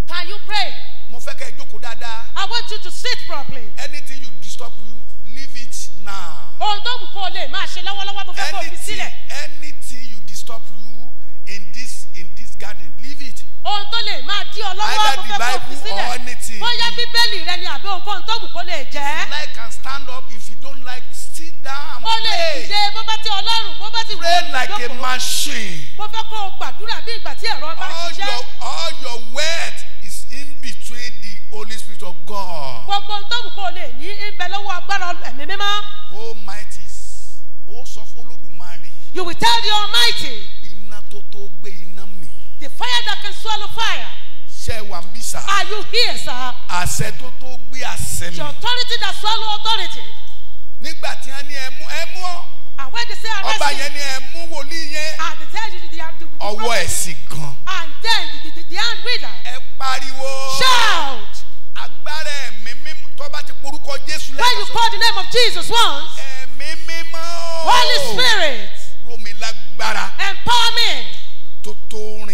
can you pray? mo fẹ́ kẹ́ ẹ jókòó dáadáa. I want you to sit properly. anything you disturb you leave it now. ohun tó kù kó lè máa ṣe lọ́wọ́lọ́wọ́ mo fẹ́ kó fi sílẹ̀. anything you disturb you in this in this garden leave it. ohun tó lè máa dí ọ lọ́wọ́ mo fẹ́ kó fi sílẹ̀. either the bible or anything. bóyá bíbélì rẹ ni àbí ohun tó kù kó lè jẹ́. if you like and stand up if you don't like sit down and pray. o lè dìde bó bá ti ọlọ́run bó bá ti wù pray like a machine. mo fẹ́ kó o gbàdúrà bí ìgbà tí ẹ̀rọ bá ṣiṣẹ́. all your God. Gbogbo tó wù kó lè ní ibẹ̀ lọ́wọ́ agbára ẹ̀mí mímọ́. O oh, mighty, ó sọ fún Olódùmarè. You will tell the Almighty. Iná tó tó gbé iná mì. The fire that can swallow fire. Ṣé wà ń bí sà? Are you here, sir? Àṣẹ tó tó gbé àṣẹ mi. The authority that swallow authority. Nígbà tí wọ́n ní ẹ mú ẹ mú ọ. And when Ọba yẹn ni ẹ wòlíì yẹn. And they tell you the the. Ọwọ́ ẹ̀sìn gan. And then the the, the hand reader. Ẹ pariwo. Shout agbára when you call the name of Jesus once. Holy Spirit. empower me.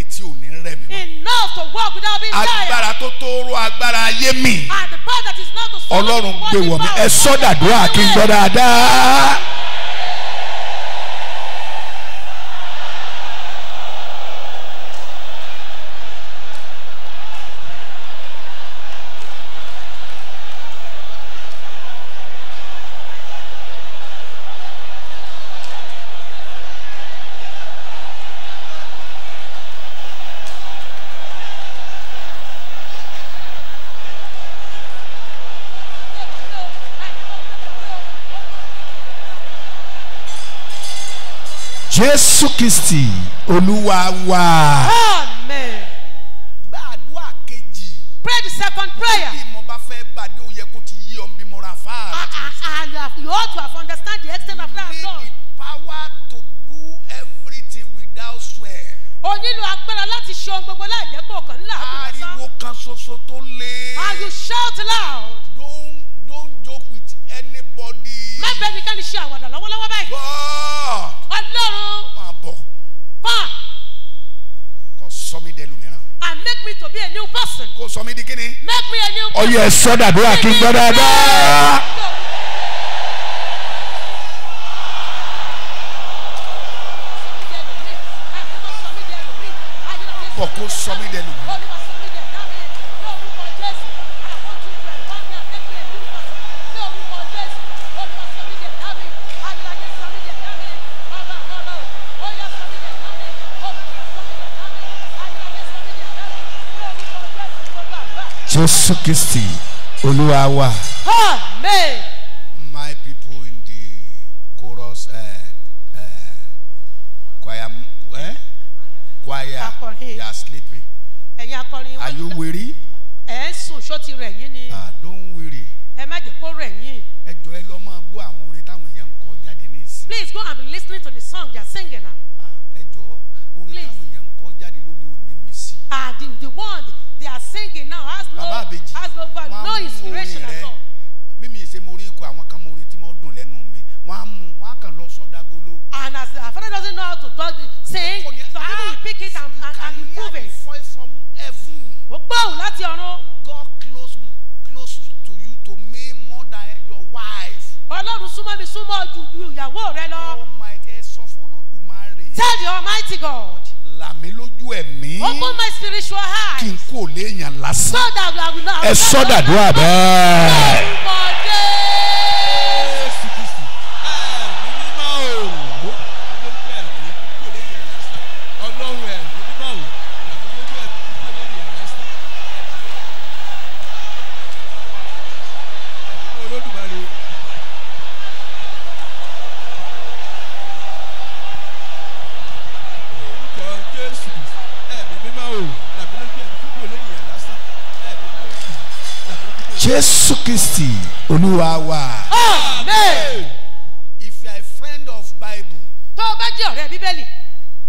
enough to walk without being tired. agbára tó tó ró agbára ayé mi. and the power that is not to. Ọlọ́run gbé wọ̀ mí ẹ sọ́dàdúrà kí n gbọ́ dáadáa. jésù kristi olúwa wa. amen. gbàdúrà kejì. pray the second prayer. bí mo bá fẹ́ gbàdé òye kó ti yí ọ̀n bí mo ra fáà. Ah, ah, ah, and you ought to have understand the extent of that God. need the power to do everything without swear. o nílò agbára láti ṣe ohun gbogbo láì jẹ́ pé ọkàn ńlá àbúrò sán. ariwo kan ṣoṣo tó le. Are you shout loud má bẹ́ẹ̀ ni kẹ́ni ṣe àwàdà lọ́wọ́lọ́wọ́ báyìí. ọlọ́run. máa bọ̀. pa. kò sọ mi dẹlu mìíràn. and ah, make me to be a new person. kò sọ mi di kíni. make me a new person. ọyọ ẹsọ dàdúrà kí n gbọ́ dáadáa. Ah, bọ̀ sọ mi dẹlu mìíràn. jésù kristi olúwa wa. amen. my people in the chorus uh, uh, choir eh? choir akọrin. you are sleeping. ẹ̀yin akọrin. are you weary. ẹ̀ ń sùn ṣó rẹ̀ yín ni. ah don't weary. ẹ má jẹ́ kó rẹ̀ yín. ẹ jọ ẹ lọ máa gbọ́ àwọn orin táwọn èèyàn ń kọ jáde ní ìsìn. please go and be listening to the song they are singing now. ah ẹ jọ orin táwọn èèyàn ń kọ jáde lónìí ò ní mi sí. ah the the one they are singing now has no has no value no inspiration at all. bí ṣe mo rí ikọ̀ àwọn kan mo rí tí mo dùn lẹ́nu mi wọ́n á mú wọ́n á kàn lọ sọ́dà golo. and as our father doesn't know how to talk the sing some people will pick it and ah, and, and improve it. mo gbóhùn láti ọ̀run. God close close to you to me more than your wife. ọlọ́run súnmọ́ mi súnmọ́ ju ìyàwó rẹ lọ. tell the almighty God là mí lójú ẹ̀mí. open my spiritual heart. kí n kò léèyàn lásán. so that I will not. ẹ sọ́dàdúrà bẹ́ẹ̀. jésù kristi olúwa wa. amen. if you are a friend of bible. tó o bá jẹ́ ọ̀rẹ́ bíbélì.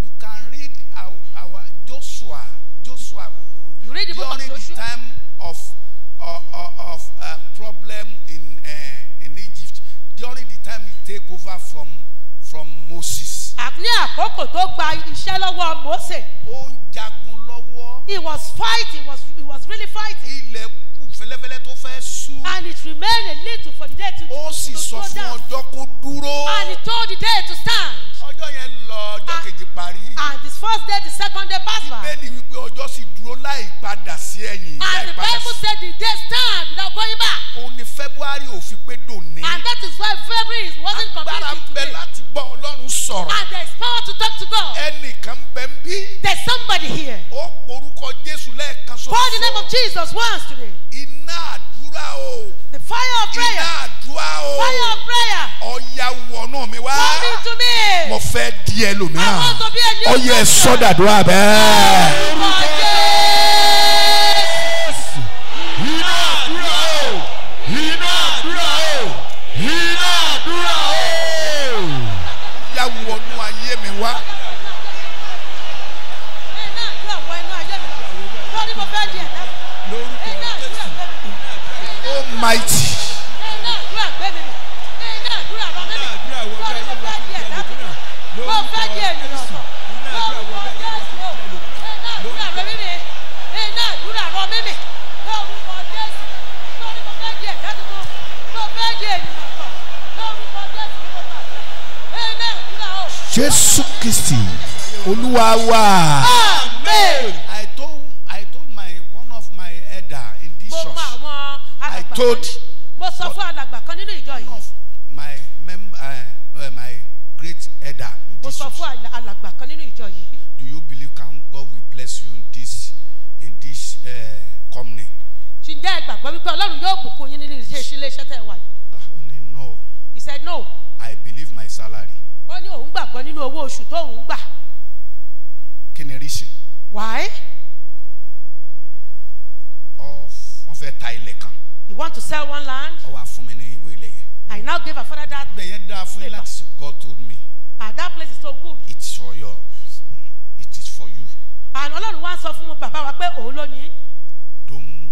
you can read our, our joshua joshua you the joshua. during the time of of, of uh, problem in uh, in egypt during the time he take over from from moses. ní àkókò tó gba iṣẹ́ lọ́wọ́ mose. ó ń jagun lọ́wọ́. he was fighting he was he was really fighting. ilẹ̀kùn fẹ́lẹ́fẹ́lẹ́ tó fẹ́ sú. and it remained a little for the day to, go down. ó sì sọ fún ọjọ́ kó dúró. and he told the day to stand. ọjọ́ yẹn lọ ọjọ́ kejì parí. and the first day the second day passed by. bíbélì wípé ọjọ́ sì dúró láì padà sí ẹ̀yìn. and the bible said the day stand without going back. òun february ò pé dòní. and that is why february wasn't completed today. agbára ń bẹ láti gbọ́ ọlọ́run sọ̀rọ̀. and there is power to talk to God. ẹnìkan bẹ ń bí. there is somebody here. ó porúkọ jésù lẹ́ẹ̀kan ṣoṣo. call the name of Jesus once today o. the fire of prayer. iná àdúrà o. fire of prayer. ọ̀ya wọnú mi wá. come into me. mo fẹ́ di ẹlòmíràn. I want to be a new person. ọyẹ sọ́dàdúrà bẹ́ẹ̀. mighty. Jésù Kristi Olúwa Amen. told. mo sọ fún alàgbà kan nínú ìjọ yìí. my member uh, uh, my great elder. mo sọ fún alàgbà kan nínú ìjọ yìí. do you believe God will bless you in this in this uh, company. ǹjẹ́ ẹ gbàgbọ́ wípé ọlọ́run yóò bùkún yín nínú iléeṣẹ́ tẹ̀ wá he said no. I believe my salary. ó ní òun gbàgbọ́ nínú owó oṣù tó òun gbà. kí ni rí sí. why. ọ wọ́n fẹ́ ta ilẹ̀. You want to sell one land? I now give a father that. Ibẹ̀ God told me. Ah, that place is so good. It's for you. It is for you. And Ọlọ́run wá sọ fún bàbá Papa, pé òun ló Don't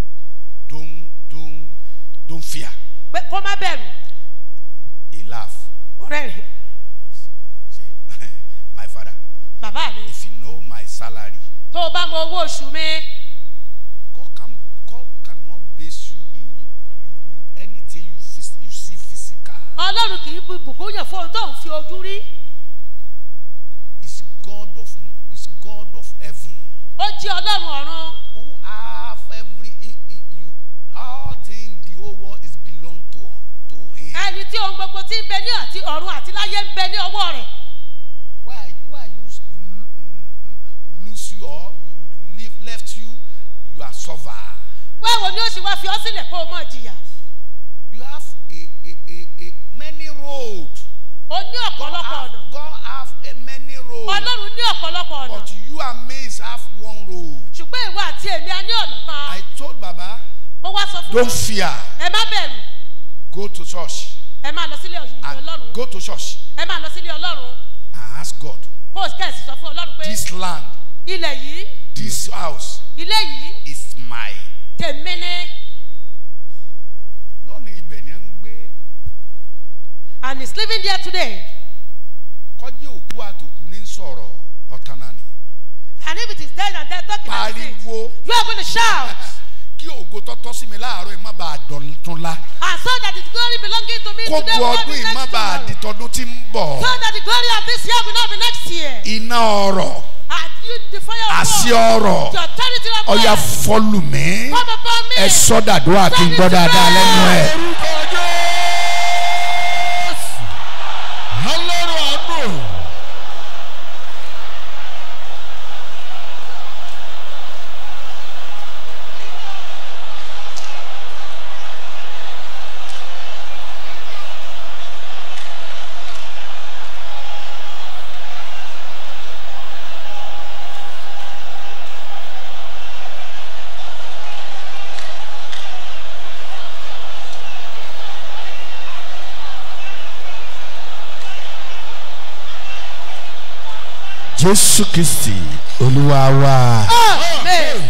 don't don't don't fear. But kó my bẹ̀rù. He laugh. Ọ̀rẹ́ See, My father. Bàbá If you know my salary. Tó o bá mọ ọlọ́run kì í bu ìbùkún yẹn fún ohun fi ojú rí. is God of is God of heaven. ó jẹ́ ọlọ́run ọ̀run. who have every you all things the whole world is belong to to him. ẹni tí ohun gbogbo ti ń bẹ ní àti ọ̀run àti láyé ń bẹ ní ọwọ́ rẹ̀. why why you lose you leave left you you are suffer. báwo ni ó ṣe wá fi ọ́ sílẹ̀ kó o mọ̀ jìyà. road. O ní ọ̀pọ̀lọpọ̀ ọ̀nà. God have many roads. Ọlọ́run ní ọ̀pọ̀lọpọ̀ ọ̀nà. But you and me is have one road. Ṣùgbọ́n ìwọ àti èmi a ní ọ̀nà kan. I told Baba. Mo wá sọ fún mi. Don't fear. Ẹ má bẹ̀rù. Go to church. Ẹ máa lọ sílé Ọlọ́run. Go to church. Ẹ máa lọ sílé Ọlọ́run. And ask God. Post kẹ́sì sọ fún Ọlọ́run pé. This land. Ilẹ̀ yìí. This house. Ilé yìí. Is my. Tèmi and is living there today. kọjá òkú àtòkù ní sọ̀rọ̀ ọ̀tán náà ni. and if it is dead and dead talking about it you are going to shout. kí ògo tọ́tọ́ sí mi láàárọ̀ ìmọ̀ bá a dọ̀tún la. and so that the glory belonging to me today will not be next tomorrow. kó ọdún ìmọ̀ bá a di tọdún tí ń bọ̀. so that the glory of this year will not be next year. iná ọrọ̀. Àṣì ọ̀rọ̀ ọ̀yà fọlùmí ẹ̀ sọ́dàdúrà kí n gbọ́ dáadáa lẹ́nu ẹ̀. jésù kristi olúwa wa. Oh, oh,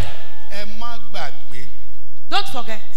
ẹ má gbàgbé. don't forget.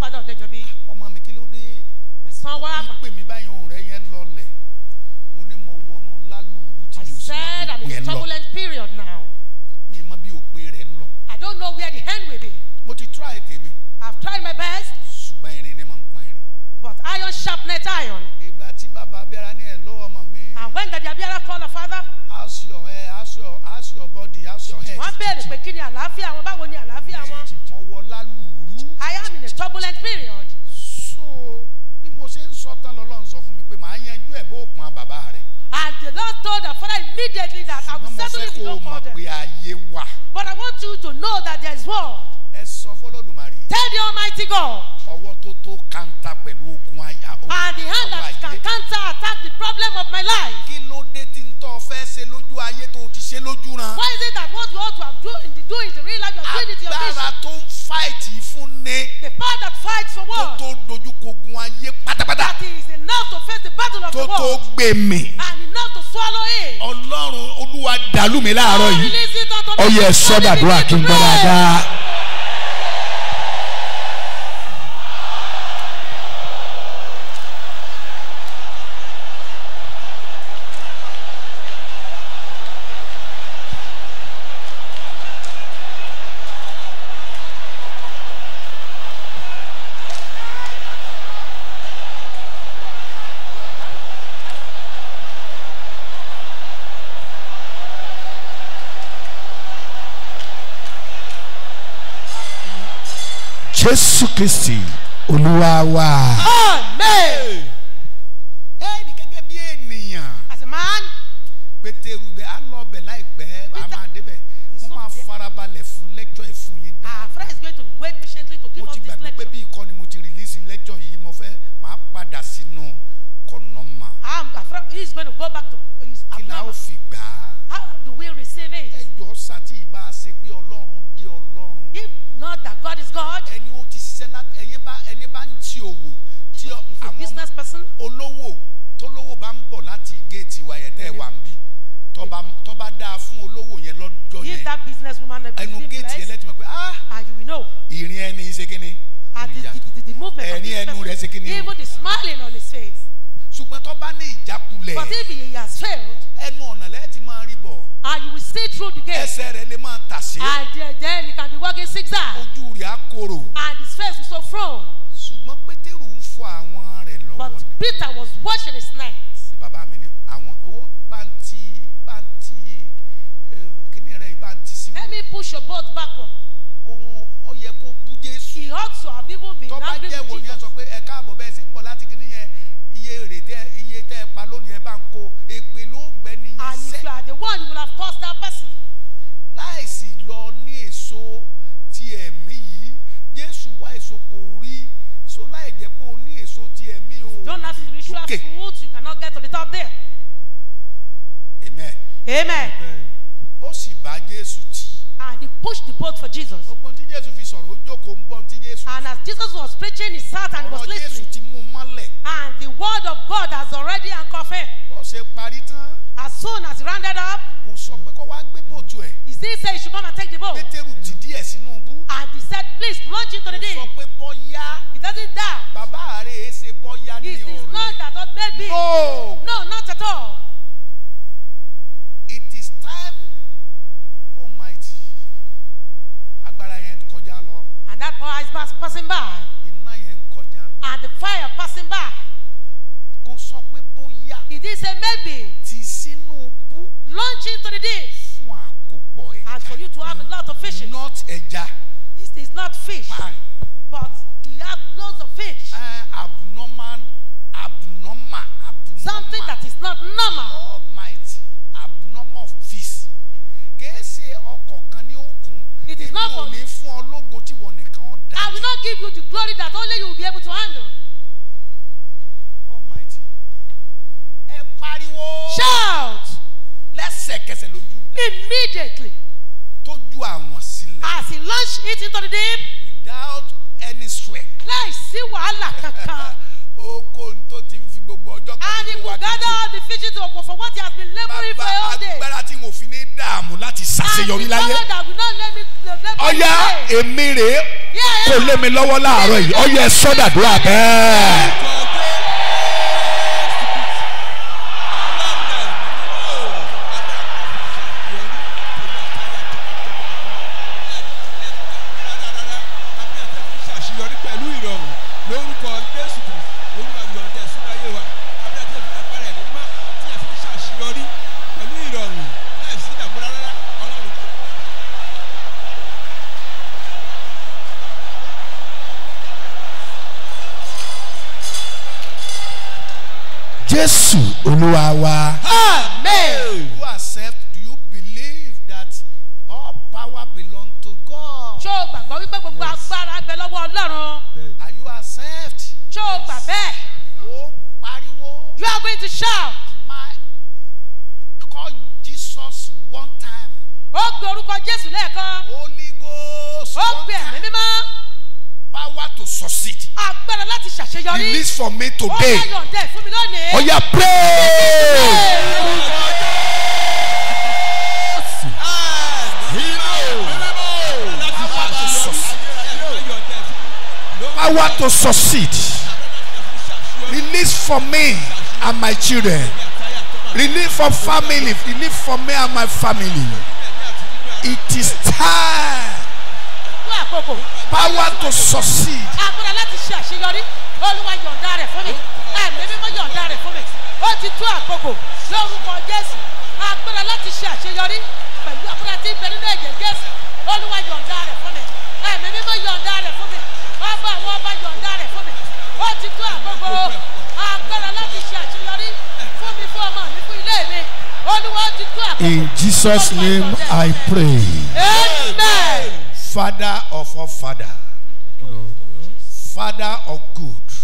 father of Dejobi. ọmọ mi kí ló dé. sanwó àmà. pè mí báyìí òun rẹ̀ yẹn lọlẹ̀ mo ní mo wọnú lálùrù tí mi ò sí máa yẹn lọ. I said I'm in a turbulent period now. mi mọ bí òpin rẹ̀ ń lọ. I don't know where the end will be. mo ti try tèmi. I've tried my best. ṣùgbọ́n irin ni máa ń pa irin. But iron sharpens iron. ìgbà tí bàbá abẹ́ra ní ẹ̀ lọ́wọ́ ọmọ mi. And when Daddy Abiola call her father. ask your hair ask your ask your body ask your head. wọ́n béèrè pé kí ni àlàáfíà wọn báwo ni àlàáfíà wọn. mo wọ lálùrù. I am in a turbulent period. So bí mo ṣe ń sọ tán lọ́lọ́run sọ fún mi pé màá yanjú ẹ̀ bó pọn bàbá rẹ̀. And the Lord told the father immediately that I will settle it with no problem. But I want you to know that there is world. Ẹ sọ fọlọ́dùmarè. Tell the almighty God. Ọwọ́ tó tó kanta pẹ̀lú ogun ayá. And the hand that can counter attack the problem of my life. Kí ló dé tí tó fẹ́ ṣe lójú ayé tó ti ṣe lójú ran. What is it that what you ought to have doing in the do in the real life you are doing it in your vision? Agbára tó ń fight fún ni. The power that fights for what? Tó tó dojú kogun ayé pátápátá. That is enough to face the battle of to the world. Tó tó gbèmí. And enough to swallow it. Ọlọ́run Olúwa dàlú mi láàárọ̀ yìí. Ọ̀yẹ̀ sọ́dàdúrà kí n gbọ́ dáadáa. jésù kristi olúwa wa. amen. ẹnì gẹ́gẹ́ bí ènìyàn. as a man. pétérù bẹ á lọ bẹ láìpẹ́ a máa débẹ̀ mo máa farabalẹ̀ fún lẹ́jọ́ ẹ̀ yín. our friend is going to wait patiently to give us this lecture. mo ti gbàgbé pé bí ìkọ́ni mo ti release lẹ́jọ́ yìí mo fẹ́ máa padà sínú kọ̀nọ́mà. our friend he is going to go back to yẹn ẹnu géètì yẹn lẹ́tìmọ̀ pé ah, ah ìrìn ẹni ṣe kí ni ẹ̀rín ẹnu rẹ̀ ṣe kí ni o ṣùgbọ́n tó bá ní ìjákulẹ̀. but if he has failed. ẹnu ọ̀nà lẹ́ẹ̀tì máa rí bọ̀. and you will see through the gate. ẹsẹ̀ rẹ̀ lè máa tà sí. and then, then can be walking zigzag. ojú rẹ̀ á korò. and his face was so frown. ṣùgbọ́n pétérù ń fọ àwọn rẹ̀ lọ́wọ́ ni. but peter was washing his neck. bàbá mi ní push your boat backward. Òun ó kó bú Jésù. He ought to have even been angry with Jesus. Tó jẹ́ wo sọ pé ẹ káàbọ̀ bẹ́ẹ̀ sí ń bọ̀ kíní yẹn iye èrè iye tẹ́ ẹ pa lónìí ẹ bá ń kó èpè ló gbẹ́ ni yẹn sẹ́. And if you are the one who will have caused that person. Láìsí lọ ní èso ti ẹ̀mí yìí, Jésù wá èso kò rí so láì jẹ́ pé o ní èso ti ẹ̀mí o. Don't have spiritual fruit you cannot get to the top there. Amen. Amen. Ó sì bá Jésù he pushed the boat for Jesus. and as Jesus was preaching he sat and was listening. and the word of God has already handcuffed him. as soon as he rounded up. he still say you should come and take the boat. and he said please launch into the deep. he doesn't doubt. it is not that maybe. no no not at all. passing by? Iná yẹn ń kọjá lọ. And the fire passing by? Kò sọ pé bóyá. He did say maybe. Ti sínú bú. Launch into the deep. Fún àkópọ̀ ẹja. As for you to have a lot of fish. Not ẹja. This is not fish. Fine. But he had loads of fish. Uh, abnormal, abnormal, abnormal. Something that is not normal. Almighty, abnormal fish. Kèé ṣe ọkọ̀ kan ní òkun. It is not for. Èmi I will not give you the glory that only you will be able to handle. Almighty. Ẹ pariwo. Shout. Lẹ́sẹ̀kẹsẹ̀ lójú. Immediately. Tójú àwọn sílẹ̀. As he launched it into the deep. Without any sweat. Láìsí wàhálà kankan. Oko n tó ti gbogbo ọjọ́ kan. and he will gather all the fishes to for what he has been laboring for all day. bàbá agbára tí n fi ní dààmú láti ṣàṣeyọrí láyé. and the father will not let me let me. ọ̀ya èmi rèé kò lé mi lọ́wọ́ láàárọ̀ yìí ọ̀ya ẹ̀ sọ́dàdúrà bẹ́ẹ̀. Jésù Olúwa wa. Amen. You accept, do you believe that all power belong to God? Are you accept? You are going to shout. call Jesus one time. Holy Ghost one time power to succeed. agbára láti ṣàṣeyọrí. release for me today. ó yọ̀ dẹ̀ fún mi lónìí. ọ̀yà pray. power to succeed. release for me and my children. Relief for family. Relief for me and my family. It is time nínú àkókò. power to succeed. agbára láti ṣe àṣeyọrí olúwa yọ̀ǹda rẹ̀ fún mi ẹ̀mí mímọ́ yọ̀ǹda rẹ̀ fún mi ó ti tó àkókò lórúkọ jésù agbára láti ṣe àṣeyọrí pẹ̀lú agbára tí ń bẹ nínú jésù olúwa yọ̀ǹda rẹ̀ fún mi ẹ̀mí mímọ́ yọ̀ǹda rẹ̀ fún mi ọba àwọn ọba yọ̀ǹda rẹ̀ fún mi ó ti tó àkókò agbára láti ṣe àṣeyọrí fún mi fún ọmọ mi fún ilé mi olúwa ó ti tó àkókò. in jesus name i pray. amen. amen. Father of all father. Father of good.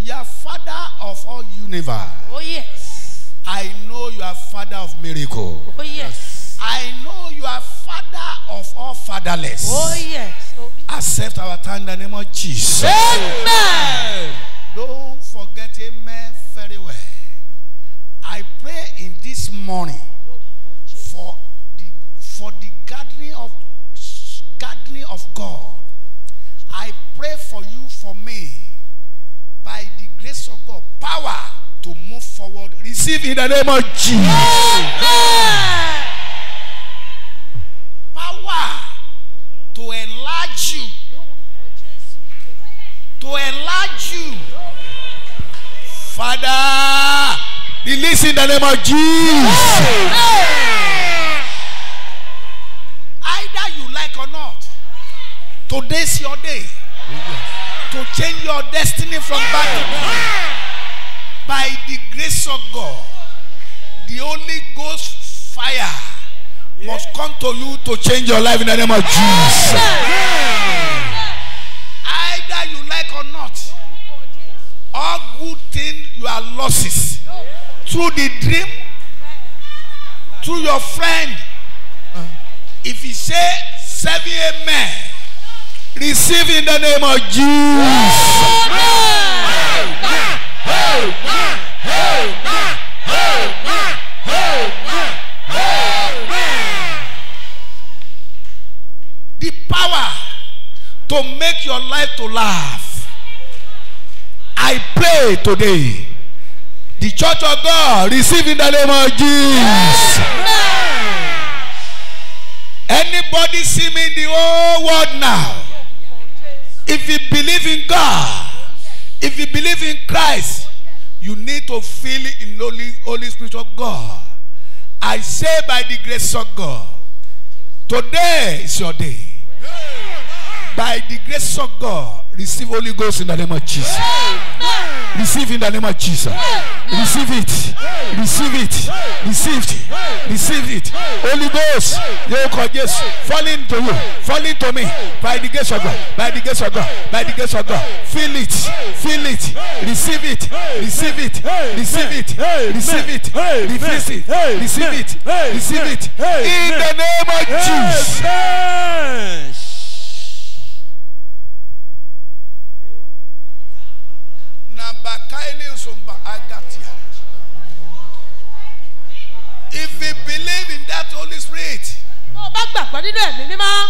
You are father of all universe. Oh yes. I know you are father of miracle. Oh yes. I know you are father of all fatherless. Oh yes. Oh, Accept our tender name of Jesus. Amen. Don't forget amen very well. I pray in this morning for the for the gathering of of God. I pray for you, for me, by the grace of God, power to move forward. Receive in the name of Jesus. Amen. Power to enlarge you. To enlarge you. Father, release in the name of Jesus. Amen. Today's your day to change your destiny from bad to good. By the grace of God, the Holy Ghost fire must come to you to change your life in the name of Jesus. Either you like or not, all good things you are losses through the dream, through your friend. If he say seven amen. Receive in the name of Jesus. The power to make your life to laugh. I pray today. The church of God receive in the name of Jesus. Anybody see me in the whole world now? If you believe in God, if you believe in Christ, you need to feel in Holy, Holy Spirit of God. I say by the grace of God, today is your day. By the grace of God, Receive Holy Ghost in the name of Jesus. Amen. Receive in the name of Jesus. Amen. Receive it. Amen. Receive it. Receive it. Receive it. Holy Ghost. Yoko yes, Fall into you. Fall into me. By the grace of God. By the grace of God. By the grace of God. Feel it. Feel it. Receive it. Receive it. Receive it. Receive it. receive it. Receive it. Receive it. In the name of Jesus. If you believe in that Holy Spirit, tó o bá gbàgbọ́ nínú ẹ̀mí mímọ́.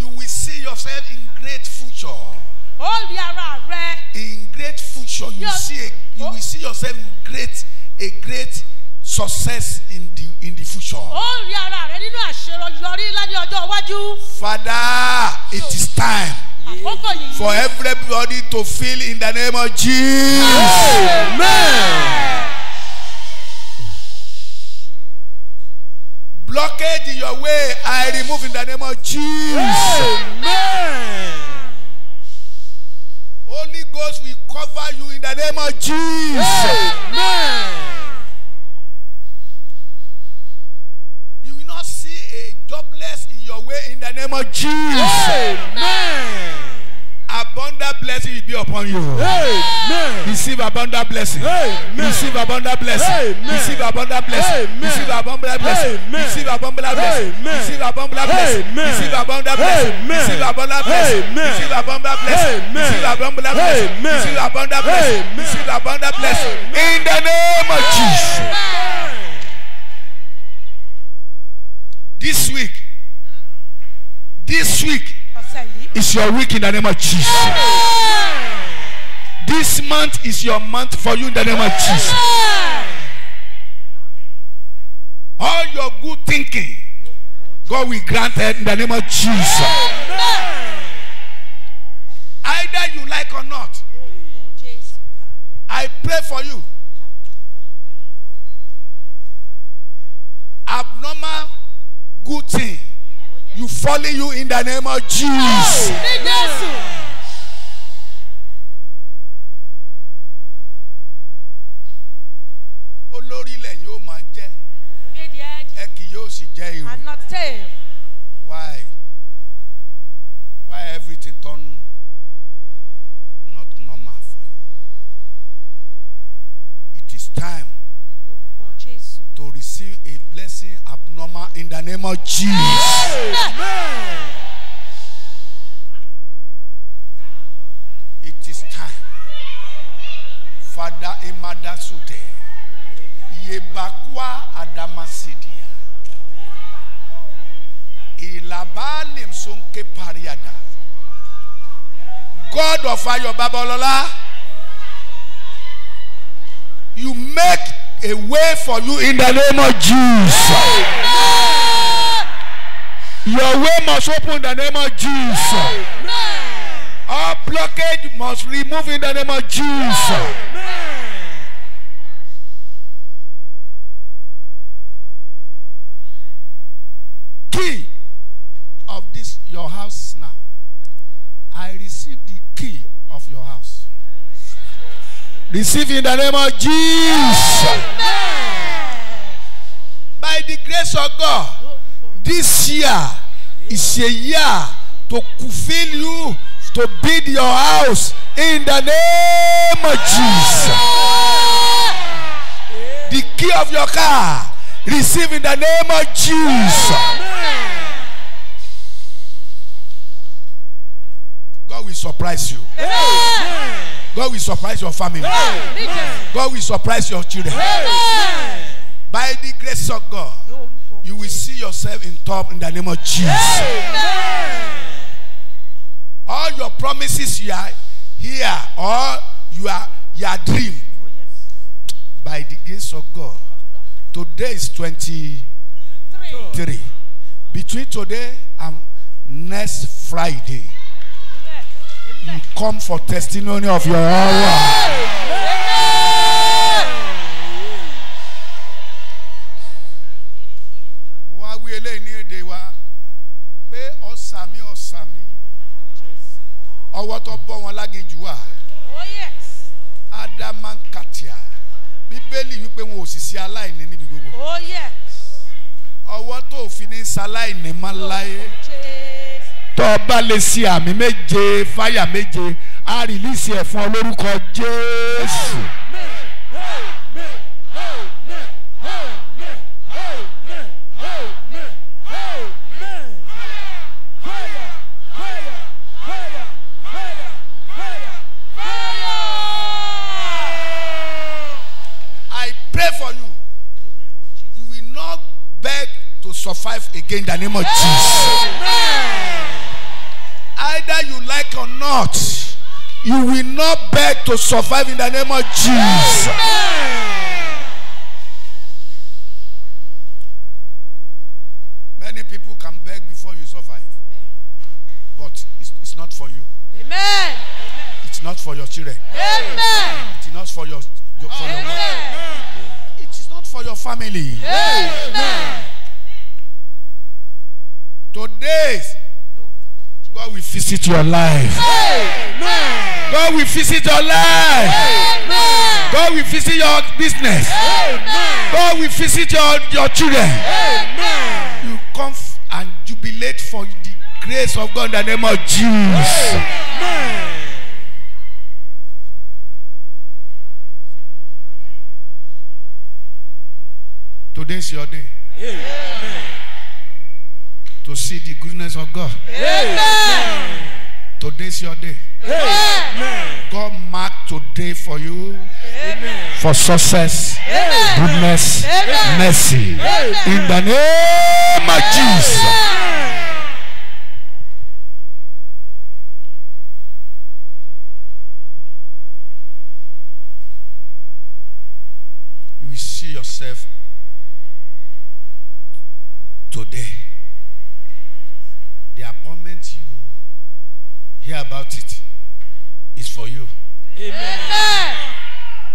You will see yourself in great future. Ó rí ara rẹ. In great future, you, see a, you will see yourself in great a great success in the in the future. ó rí ara rẹ nínú àṣeyọrí ńlá ní ọjọ́ iwájú. Father, it is time. for everybody to feel in the name of Jesus. Amen. Amen. Blockage in your way, I remove in the name of Jesus. Amen. Holy Ghost will cover you in the name of Jesus. Amen. You will not see a jobless in your way in the name of Jesus. Amen. abundant blessing will be upon you. Amen. Receive abundant blessing. Amen. Receive abundant blessing. Receive abundant blessing. Receive abundant blessing. Receive abundant blessing. Receive abundant blessing. Receive abundant blessing. Receive abundant blessing. Receive abundant blessing. Receive abundant blessing. Receive abundant blessing. Receive abundant blessing. In the name of Jesus. This week. This week is your week in the name of Jesus. Yeah. This month is your month for you in the name of Jesus. Yeah. All your good thinking, God will grant it in the name of Jesus. Yeah. Either you like or not, I pray for you. Abnormal good thing you falling you in the name of Jesus. name of Jesus. Amen. It is time. Father Imadasute. Yebakwa Adamasidia. Ilabalim sunke pariada. God of Ayo Babalola. You make a way for you in the name of Jesus. Amen. Your way must open in the name of Jesus. Our blockage must remove in the name of Jesus. Key of this your house now. I receive the key of your house. Receive in the name of Jesus. By the grace of God this year is a year to fulfill you, to build your house in the name of Jesus. The key of your car, receive in the name of Jesus. God will surprise you. God will surprise your family. God will surprise your children. By the grace of God you will see yourself in top in the name of Jesus. Amen. All your promises you are here or you are your dream by the grace of God. Today is 23. Three. Between today and next Friday, you come for testimony of your own. bọ́ wọn lágejù wà. Oh yes. Adamankatia. Bíbélì wípé wọn ò sì sí aláìní níbi gbogbo. Oh yes. Ọwọ́ tó fi ní saláìní máa oh, láyé. Tó o bá lè ṣe àmì méje fáyà méje, a rìlíìsì ẹ̀ fún Jésù. Hey, hey, hey. pray for you. You will not beg to survive again in the name of Jesus. Either you like or not, you will not beg to survive in the name of Jesus. Many people can beg before you survive, but it's, it's not for you. Amen. It's not for your children. Amen. It's not for your, your for your wife family. Amen. Today, God will visit your life. Amen. God will visit your life. Amen. God will visit your business. Amen. God will visit your, your children. Amen. You come and jubilate for the grace of God in the name of Jesus. Amen. Today's your day. Amen. To see the goodness of God. Amen. Today's your day. Amen. God mark today for you. Amen. For success, Amen. goodness, Amen. mercy. Amen. In the name of Jesus. You will see yourself today. The appointment you hear about it is for you. Amen.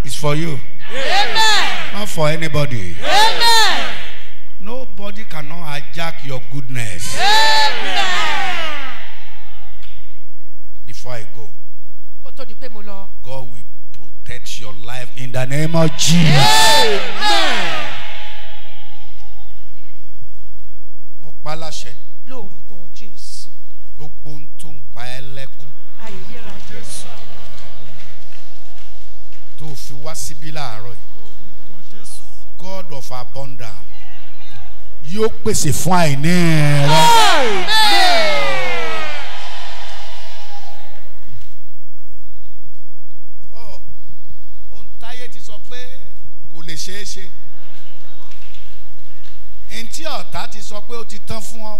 It's for you. Amen. Not for anybody. Amen. Nobody cannot hijack your goodness. Amen. Before I go, God will protect your life in the name of Jesus. Amen. pa á láṣẹ. lórúkọ oh, jésù. gbogbo ohun tó ń pa ẹ́ lẹ́kún. ayéra jésù. tó o fi wá síbí láàárọ̀ yìí. lórúkọ oh, oh, jésù. God of abundance yóò pèsè fún àìní rẹ. ohun táyé ti sọ pé kò lè ṣeé ṣe tí ọ̀tá ti sọ pé ó ti tán fún ọ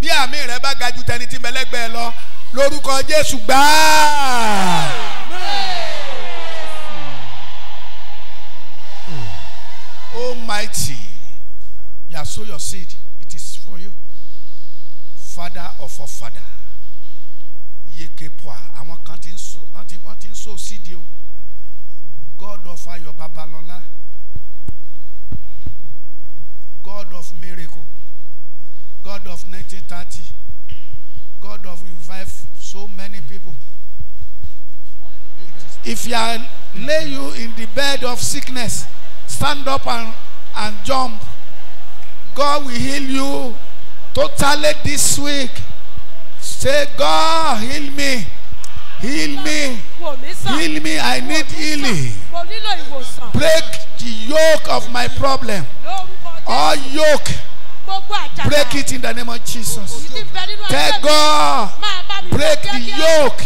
bí àmì rẹ bá ga ju tẹni tí mẹlẹgbẹ lọ lórúkọ Jésù gbáà. Hmm. Hmm. Hmm. Almighty, you have sown your seed, it is for you. Father of all father, yeke poa, àwọn kan ti ń so, wọ́n ti ń so sídìí o. God of your Babalọ́lá. of miracle, God of 1930, God of revive so many people. If I lay you in the bed of sickness, stand up and, and jump. God will heal you totally this week. Say, God, heal me. Heal me. Heal me. I need healing. Break the yoke of my problem all yoke break it in the name of Jesus tell God break the yoke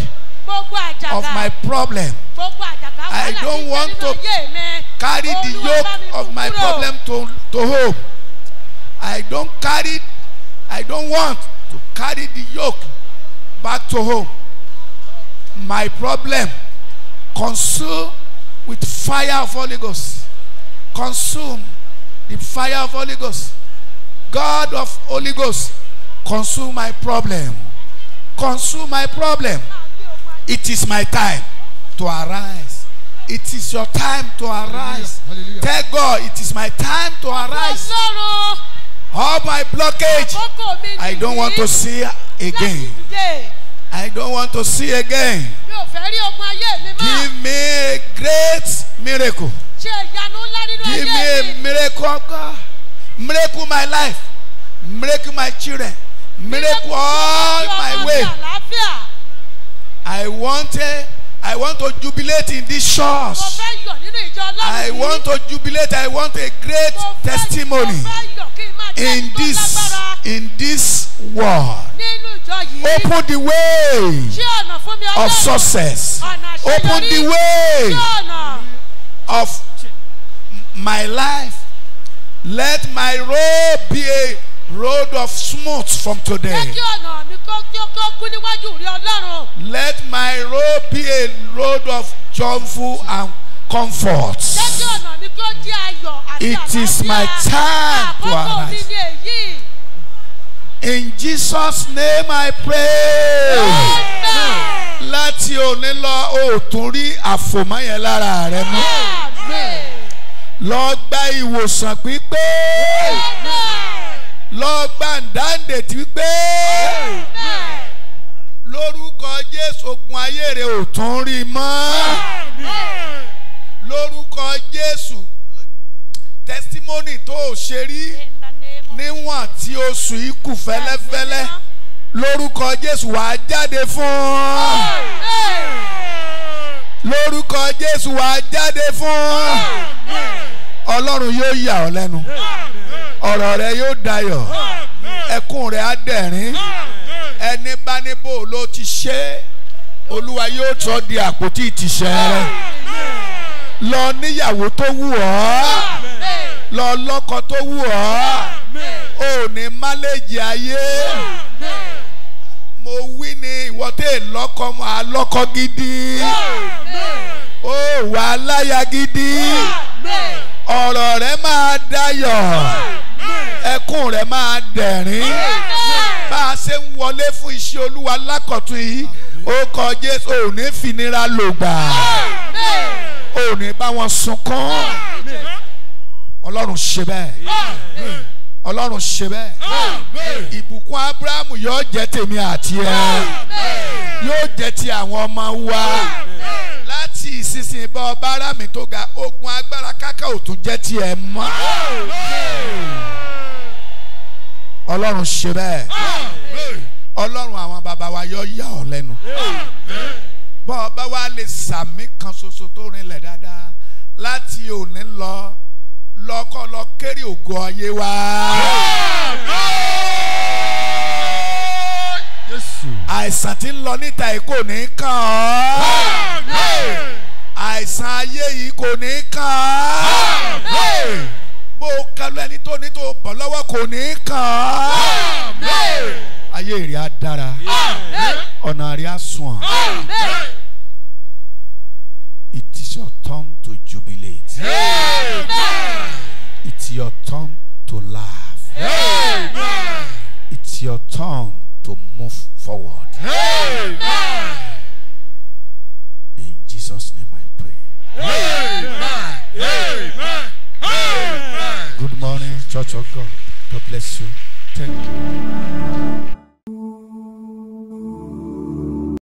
of my problem I don't want to carry the yoke of my problem to, to home I don't carry I don't want to carry the yoke back to home my problem consume with fire of Holy Ghost consume The fire of Holy Ghost. God of Holy Ghost, consume my problem. Consume my problem. It is my time to arise. It is your time to arise. Hallelujah. Tell God, it is my time to arise. All my blockage, I don't want to see again. I don't want to see again. Give me a great miracle give me a miracle God miracle my life miracle my children miracle all my way. I want a, I want to jubilate in this church. I want to jubilate. I want a great testimony in this in this world. Open the way of success. Open the way of my life. Let my road be a road of smooth from today. Let my road be a road of joyful and comfort. It is my time to arise. In Jesus' name I pray. Amen. Láti òní lọ, o ò tún rí àfòmọ́ lára rẹ mọ́. Amen lọ gba ìwòsàn pípé lọ gba ǹdáǹdè tí pé lórúkọ Jésù ogun ayé rẹ ò tún rí mọ́ lórúkọ Jésù tẹsítímọ́nì tó o ṣe rí níwọ̀n tí oṣù yìí kù fẹ́lẹ́fẹ́lẹ́ lórúkọ Jésù wàá jáde fún ọ lórúkọ Jésù wàá jáde fún ọ ọlọ́run yóò yà ọ́ lẹ́nu ọ̀rọ̀ rẹ yóò dayọ̀ ẹkún rẹ á dẹ̀rín ẹni bá ní bò ló ti ṣe olúwa yóò sọ di àpótí ìtìsẹ̀ rẹ lọ níyàwó tó wù ọ́ lọ lọ́kọ tó wù ọ́ ò ní máléjì ayé mo wí ni ìwọ tẹ́ lọ́kọ mọ́ alọ́kọ gidi ó wà láyà gidi. Amen ọ̀rọ̀ rẹ máa dayọ̀ ẹkún rẹ máa dẹ̀rín bá a ṣe ń wọlé fún iṣẹ́ olúwa lákọ̀tún yìí ó kọ jésù ò ní fìnira lògbà ò ní bá wọn sunkún ọlọ́run ṣe bẹ́ẹ̀ ọlọ́run ṣe bẹ́ẹ̀ ìbùkún abrahamu yóò jẹ́ tèmi àti ẹ yóò jẹ́ ti àwọn ọmọ wa. Amen sí ìsinsin bá ọba arámi tó ga ogun agbára káká ò jẹ́ tiẹ̀ mọ́. ọlọ́run ṣe bẹ́ẹ̀ ọlọ́run àwọn bàbá wa yọ yà ọ́ lẹ́nu bọ́ ọba wa lè sàmì kan ṣoṣo tó rinlẹ̀ dáadáa láti òní lọ lọ́kọ́ lọ kéré ògo ayé wa àìsàn tí ń lọ níta yìí kò ní kàn ọ́ àìsàn ayé yìí kò ní kàn ọ́ bó o kálọ ẹni tó ní tó bọ̀ lọ́wọ́ kò ní kàn ọ́ ayé rẹ̀ á dára ọ̀nà rẹ̀ á sùn. It is your turn to jubilate. Amen. It's your turn to laugh. Amen. It's your turn to move forward. Amen. In Jesus' name I pray. Amen. Amen. Amen. Good morning, Church of God. God bless you. Thank you.